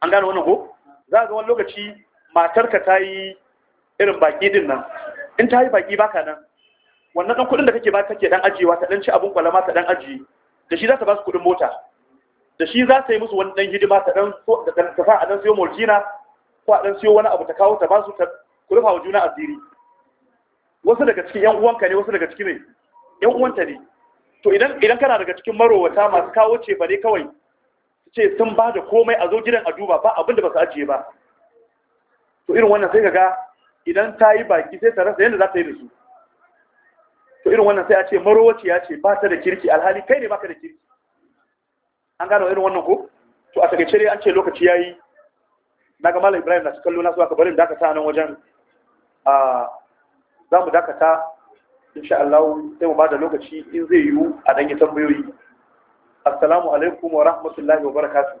an gane wani ko za ga wani lokaci matarka ta yi irin baki din nan in ta yi baki baka nan wannan dan kudin da kake ba take dan ajiyewa ta dan ci abun kwalama ta dan ajiye da shi za ta ba su kudin mota da shi za ta yi musu wani dan hidima ta dan so ta sa a dan siyo molgina ko a dan siyo wani abu ta kawo ta ba su ta kurfa wa juna asiri wasu daga cikin yan uwanka ne wasu daga cikin ne, yan uwanta ne to idan idan kana daga cikin marowata masu kawo ce bare kawai ce sun ba da komai a zo gidan a duba ba abinda ba su ajiye ba to irin wannan sai ga idan ta yi baki sai ta rasa yadda za ta yi da su to irin wannan sai a ce ya ce ba ta da kirki alhali kai ne ka da kirki an gano irin wannan ko to a takaice dai an ce lokaci yayi na ga malam ibrahim na su kallo, na su aka barin da aka sa nan wajen a ah, za mu dakata insha Allah sai mu ba da lokaci in zai yiwu a dangi tambayoyi assalamu alaikum wa rahmatullahi wa barakatuh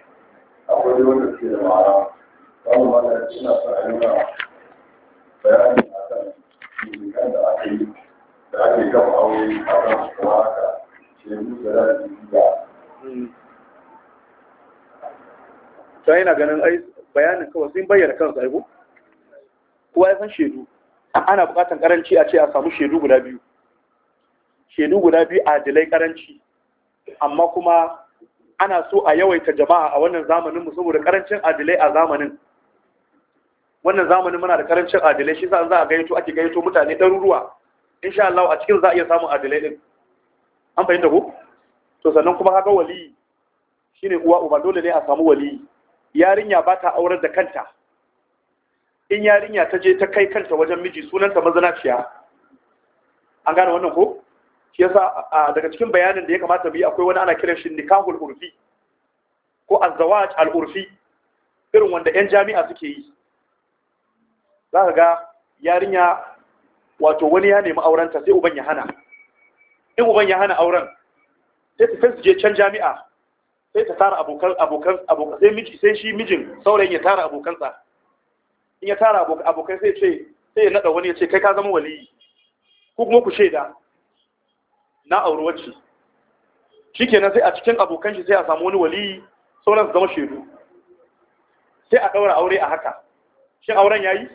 akwai da wanda ke da mara wani wanda suna sa a nuna bayani a kan musulman da aka yi da ake gama aure a kan su kuma haka shekaru da za su yi yana ganin ai bayanin kawai sun bayyana kansu aiko kowa ya san shaidu ana bukatan karanci a ce a samu shaidu guda biyu shaidu guda biyu a adilai karanci amma kuma ana so a yawaita jama'a a wannan zamanin mu saboda karancin adilai a zamanin wannan zamanin muna da karancin adilai shi sa za a gayyato ake gayyato mutane ɗaruruwa insha Allah a cikin za a iya samun adilai din an fahimta ko to sannan kuma haka wali shine uwa uba dole ne a samu wali yarinya ba ta aurar da kanta in yarinya ta je ta kai kanta wajen miji sunanta mazinaciya an gane wannan ko shi yasa daga cikin bayanin da ya kamata bi akwai wani ana kiran shi nikahul urfi ko azawaj al urfi irin wanda yan jami'a suke yi za ka ga yarinya wato wani ya nemi aurenta sai uban ya hana in uban ya hana auren sai ta fes je can jami'a sai ta tara abokan abokan abokan sai miji sai shi mijin saurayin ya tara abokansa in ya tara abokan sai ce sai ya nada wani ya ce kai ka zama waliyi ko kuma ku shaida na auri wacce shikenan sai a cikin abokan shi sai a samu wani waliyi sauran su zama shaidu sai a daura aure a haka shin auren ya yi?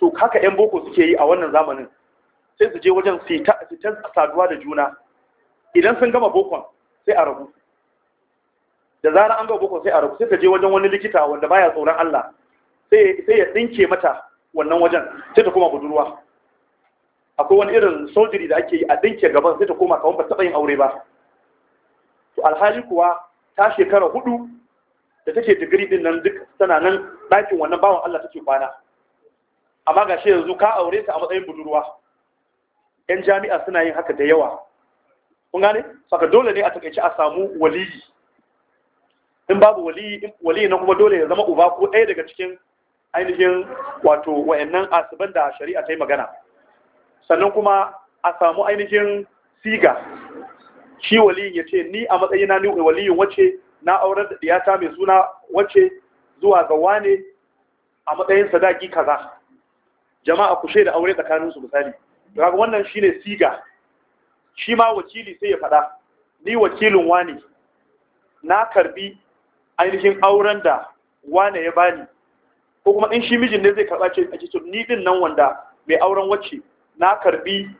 to haka yan boko suke yi a wannan zamanin sai su je wajen su saduwa da juna idan sun gama bokon sai a rabu da zarar an gama bokon sai a rabu sai ta je wajen wani likita wanda baya tsoron Allah sai ya tsinke mata wannan wajen sai ta kuma budurwa akwai wani irin sojiri da ake yi a dinke gaban sai ta koma kawon ba taɓa yin aure ba to alhali kuwa ta shekara hudu da take digiri din nan duk tana nan ɗakin wannan bawan Allah take kwana amma ga shi yanzu ka aure ta a matsayin budurwa yan jami'a suna yin haka da yawa kun gane saka dole ne a takaice a samu waliyi in babu waliyi waliyi na kuma dole ya zama uba ko ɗaya daga cikin ainihin wato wayannan asiban da shari'a ta yi magana sannan kuma a samu ainihin siga shi waliyin ya ce ni a matsayina ni waliyin wace na aurar da diyata mai suna wace zuwa ga wane a matsayin sadaki kaza jama'a kushe da aure tsakanin su misali daga wannan shine siga shi ma wakili sai ya faɗa ni wakilin wani na karbi ainihin auren da wane ya bani ko kuma in shi mijin ne zai karɓa ce a cikin ni din nan wanda mai auren wacce na karbi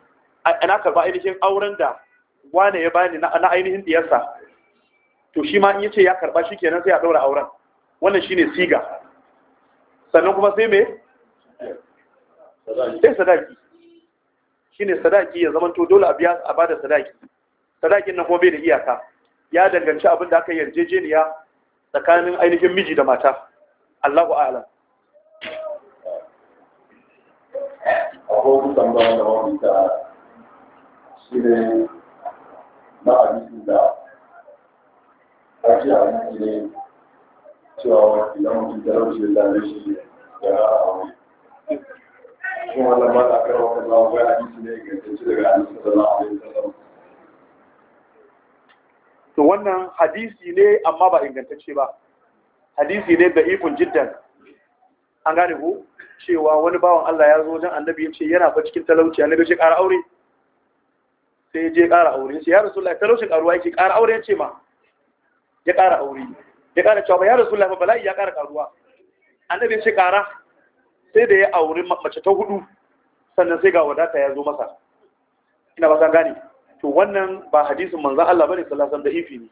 na karba ainihin auren da wane ya bani na ainihin diyarsa to shi ma in yace ya karba shi kenan sai a daura auren wannan shine siga sannan kuma sai me sadaki sadaki shine sadaki ya zaman to dole a biya a bada sadaki sadakin nan kuma bai da iyaka ya danganci abin da aka yarjejeniya tsakanin ainihin miji da mata Allahu a'lam akwai wasu tambaya da wani da shi ne na abinci da ake abinci ne cewa idan mutum da raushe da ne shi ya rara kuma wannan ba ta kai kan zama wai ne ga tsaye daga abinci da zama da zama to wannan hadisi ne amma ba ingantacce ba hadisi ne da ikon jiddan an gane ku cewa wani bawan Allah ya zo wajen annabi ya ce yana ba cikin talauci annabi ce ƙara aure sai je ƙara aure sai ya rasulullahi talaucin ƙaruwa yake ƙara aure ya ce ma ya ƙara aure ya ƙara cewa ya rasulullahi fa bala'i ya ƙara ƙaruwa annabi ya ce ƙara sai da ya aure mace ta hudu sannan sai ga wadata ya zo masa ina ba san gane to wannan ba hadisin manzon Allah bane sallallahu alaihi wasallam da ifi ne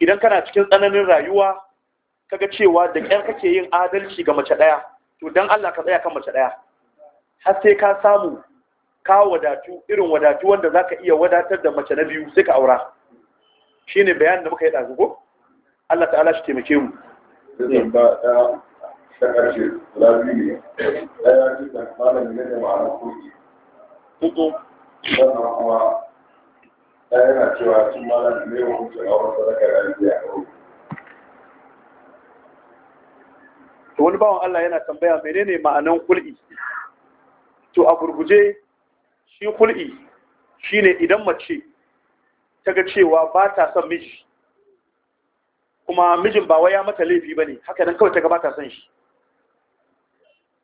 idan kana cikin tsananin rayuwa kaga cewa da ƙyar kake yin adalci ga mace ɗaya to don Allah ka tsaya kan mace ɗaya har sai ka samu ka wadatu irin wadatu wanda zaka iya wadatar da mace na biyu sai ka aura shine bayanin da muka yi ɗazu ko Allah ta'ala shi taimake mu kuma ɗaya yana cewa cin malam ne wa mutu a wasu raka rayu ya to wani bawan Allah yana tambaya menene ma'anan kul'i to a gurguje shi kul'i shine idan mace ta ga cewa ba ta son miji kuma mijin ba wai ya mata laifi bane haka nan kawai ta ga ba ta son shi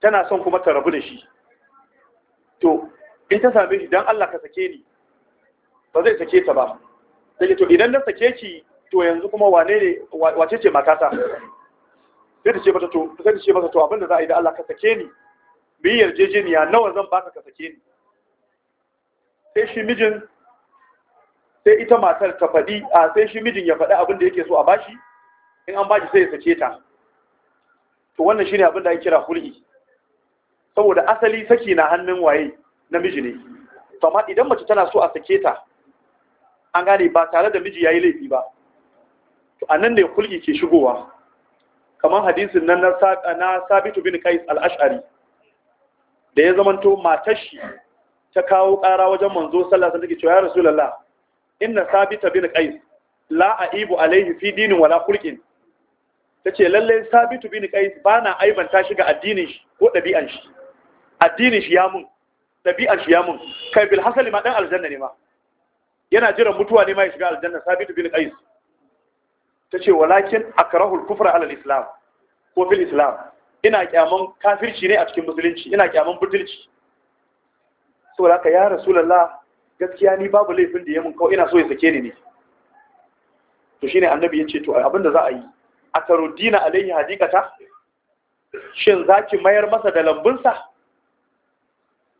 tana son kuma ta rabu da shi to in ta same shi dan Allah ka sake ni ba zai sake ta ba sai to idan na sake ki to yanzu kuma wane ne wace ce matata sai ta ce mata to sai ta ce to abinda za a yi da Allah ka sake ni yarjejeniya nawa zan baka ka sake ni sai shi mijin sai ita matar ta faɗi a sai shi mijin ya faɗi abin da yake so a bashi in an bashi sai ya sake ta to wannan ne abin da ake kira hul'i saboda asali saki na hannun waye namiji ne to amma idan mace tana so a sake ta an gane ba tare da miji ya yi laifi ba to a nan ne kulki ke shigowa kamar hadisin nan na sabitu bin kais al'ashari da ya zama to matashi ta kawo ƙara wajen manzo sallasa take cewa ya rasu lalla, inna sabita bin kais la'a aibu alaihi fi dinin wala kulkin ta ce lallai sabitu bin kais ba na aibanta shi ga addinin shi ko ɗabi'an shi addinin shi ya mun ɗabi'an shi ya mun kai bil hasali ma ɗan aljanna ne ma yana jiran mutuwa ne ma ya shiga aljanna sabitu bin kais ta ce walakin akrahul kufra alal islam ko fil islam ina kyaman kafirci ne a cikin musulunci ina kyaman butulci saboda haka ya rasulullah gaskiya ni babu laifin da ya kawai ina so ya sake ni ne to shine annabi ya ce to abinda za a yi a tarudina alaihi hadikata shin za ki mayar masa da lambunsa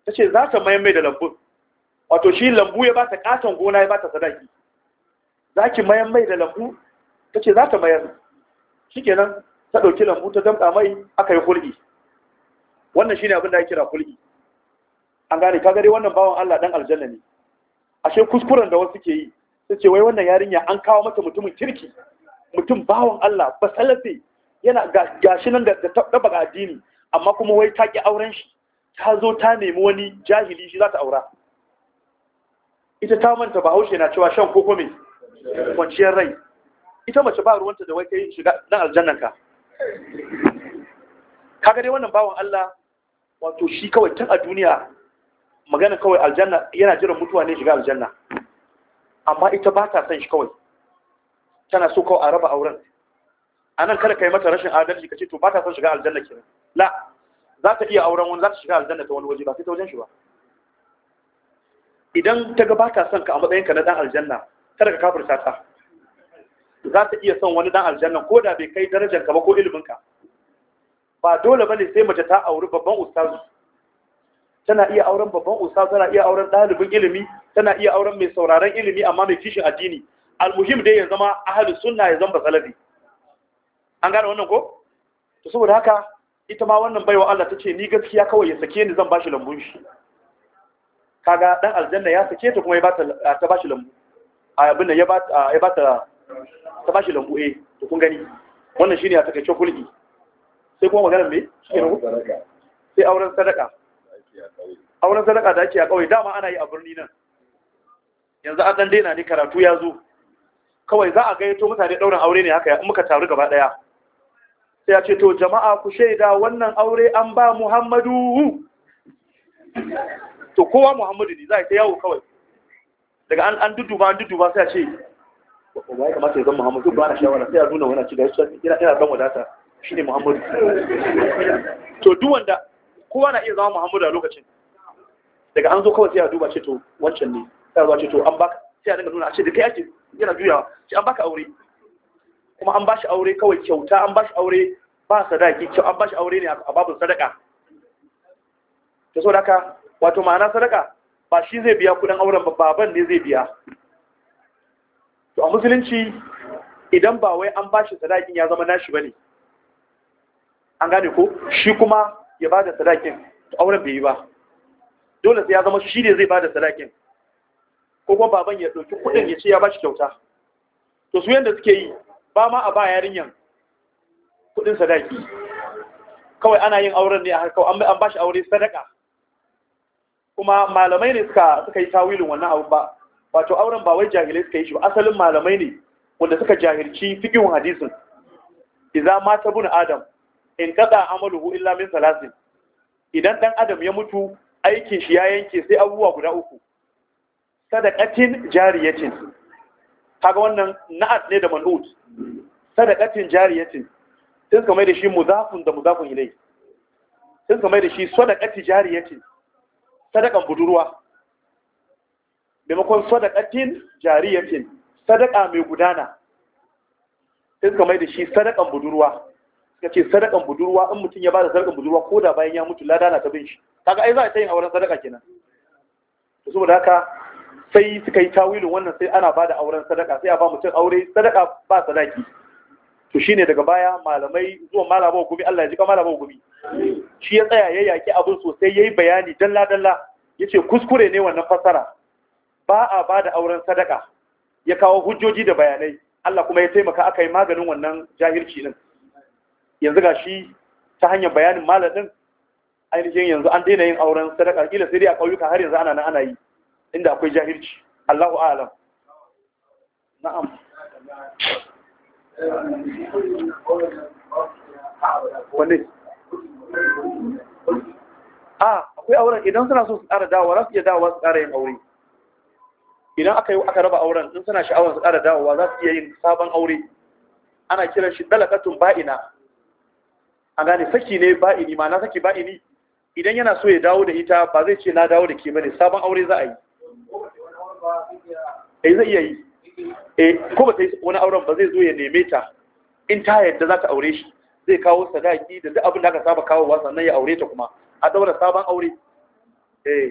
ta ce za ta mayar mai da lambun wato shi lambu ya ba ta katon gona ya ba ta sadaki za ki mayar mai da lambu ta ce za ta mayar shi nan ta ɗauki lambu ta damɗa mai aka yi hulɗi wannan shi abin da ya kira hulɗi an gane ka gare wannan bawan Allah ɗan aljanna ne ashe kuskuren da wasu ke yi Ta ce wai wannan yarinya an kawo mata mutumin kirki mutum bawan Allah ba salafi yana gashi nan da taɓa ga addini amma kuma wai ta ƙi auren shi ta zo ta nemi wani jahili shi za ta aura ita ta manta bahaushe na cewa shan ko mai kwanciyar rai ita mace ba ruwanta da wai kai shiga dan aljannan ka kaga dai wannan bawan Allah wato shi kawai tun a duniya magana kawai aljanna yana jiran mutuwa ne shiga aljanna amma ita ba ta son shi kawai tana so kawai a raba auren a nan kada ka yi mata rashin adalci ka ce to ba ta son shiga aljanna kenan la za ta iya auren wani za ta shiga aljanna ta wani waje ba sai ta wajen shi ba idan ta ga ba ta son ka a matsayinka na dan aljanna kada ka kafirta ta za ta iya son wani dan aljanna ko da bai kai darajar ka ba ko ilimin ka ba dole bane sai mace ta auri babban ustazu tana iya auren babban ustazu tana iya auren dalibin ilimi tana iya auren mai sauraron ilimi amma mai kishin addini almuhim dai ya zama ahli sunna ya zama salafi an gane wannan ko to saboda haka ita ma wannan baiwa Allah tace ni gaskiya kawai ya sake ni zan bashi lambun shi kaga dan aljanna ya sake ta kuma ya bata ta bashi lambu a abin da ya bata ya bata ta ba shi lambu eh to kun gani wannan shine a takaice kulki sai kuma shi me sai auren sadaka auren sadaka da ake a kawai dama ana yi a birni nan yanzu an dan daina ne karatu ya zo kawai za a gayyato mutane ɗaurin aure ne haka ya muka taru gaba ɗaya sai ya ce to jama'a ku shaida wannan aure an ba muhammadu to kowa muhammadu ne za a ta yawo kawai daga an duduba an duduba sai a ce ba ya kamata ya zama muhammadu ba na shawara sai ya nuna wani ci da yasa ina ina zama wadata shine muhammadu to duk wanda kowa na iya zama muhammadu a lokacin daga an zo kawai sai ya duba ce to wancan ne sai ya zuwa ce to an baka sai ya dinga nuna a ce da kai ake yana juyawa ce an baka aure kuma an bashi aure kawai kyauta an bashi aure ba sadaki kyau an bashi aure ne a babin sadaka to so da wato ma'ana sadaka ba shi zai biya kudin auren ba baban ne zai biya to a musulunci idan ba wai an bashi sadakin ya zama nashi bane an gane ko shi kuma ya bada sadakin to auren bai yi ba dole sai ya zama shi ne zai bada sadakin ko kuma baban ya dauki kudin ya ce ya bashi kyauta to su yanda suke yi ba ma a ba yarinyan kudin sadaki kawai ana yin auren ne a harkar an bashi aure sadaka kuma malamai ne suka suka yi tawilin wannan abu ba wato auren ba wai jahilai suka yi shi ba asalin malamai ne wanda suka jahilci fiqhun hadisin idza mata bun adam in kada amaluhu illa min salasin idan dan adam ya mutu aikin shi ya yanke sai abubuwa guda uku sadaqatin jariyatin kaga wannan na'at ne da man'ut sadaqatin jariyatin sai suka mai da shi muzafun da muzafun ilai sai suka mai da shi sadaqati jariyatin sadaqan budurwa maimakon sadaqatin jariyatin sadaka mai gudana sai suka mai da shi sadakan budurwa suka ce sadakan budurwa in mutum ya bada sadakan budurwa ko da bayan ya mutu lada na ta bin shi kaga ai za a tayin yin auren sadaka kenan to saboda haka sai suka yi tawilin wannan sai ana bada auren sadaka sai a ba mutum aure sadaka ba sadaki to shine daga baya malamai zuwa malama gumi Allah ya ji ka malama gumi shi ya tsaya ya yaki abin sosai yayi bayani dalla dalla yace kuskure ne wannan fasara ba a ba da auren sadaka ya kawo hujjoji da bayanai Allah kuma ya taimaka aka yi maganin wannan jahilci ɗin yanzu ga shi ta hanyar bayanin malamin ainihin yanzu an daina yin auren sadaka kila sai dai a ƙauyuka har yanzu ana nan ana yi inda akwai jahilci Allahu a'lam na'am wani! a akwai auren idan suna so su ƙara dawowa za su iya dawowa su ƙara yin aure idan aka yi aka raba auren in suna sha'awar su ƙara dawowa za su iya yin sabon aure ana kiran shi dalakatun ba'ina a gane saki ne ba'ini ma na saki ba'ini idan yana so ya dawo da ita ba zai ce na dawo da ke bane sabon aure za a yi eh zai iya yi eh ko ba ta yi wani auren ba zai zo ya neme ta in ta yadda za ta aure shi zai kawo sadaki da duk abin da aka saba kawowa sannan ya aure ta kuma a daura sabon aure eh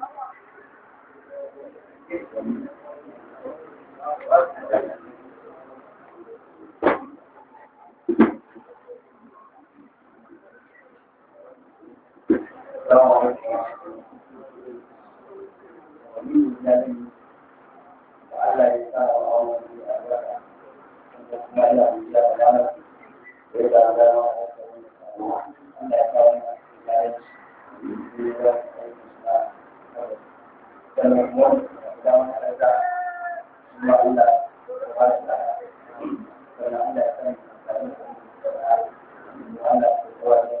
السلام عليكم ورحمة الله وعلى إنسان الله وعلى الله وعلى الله Thank you.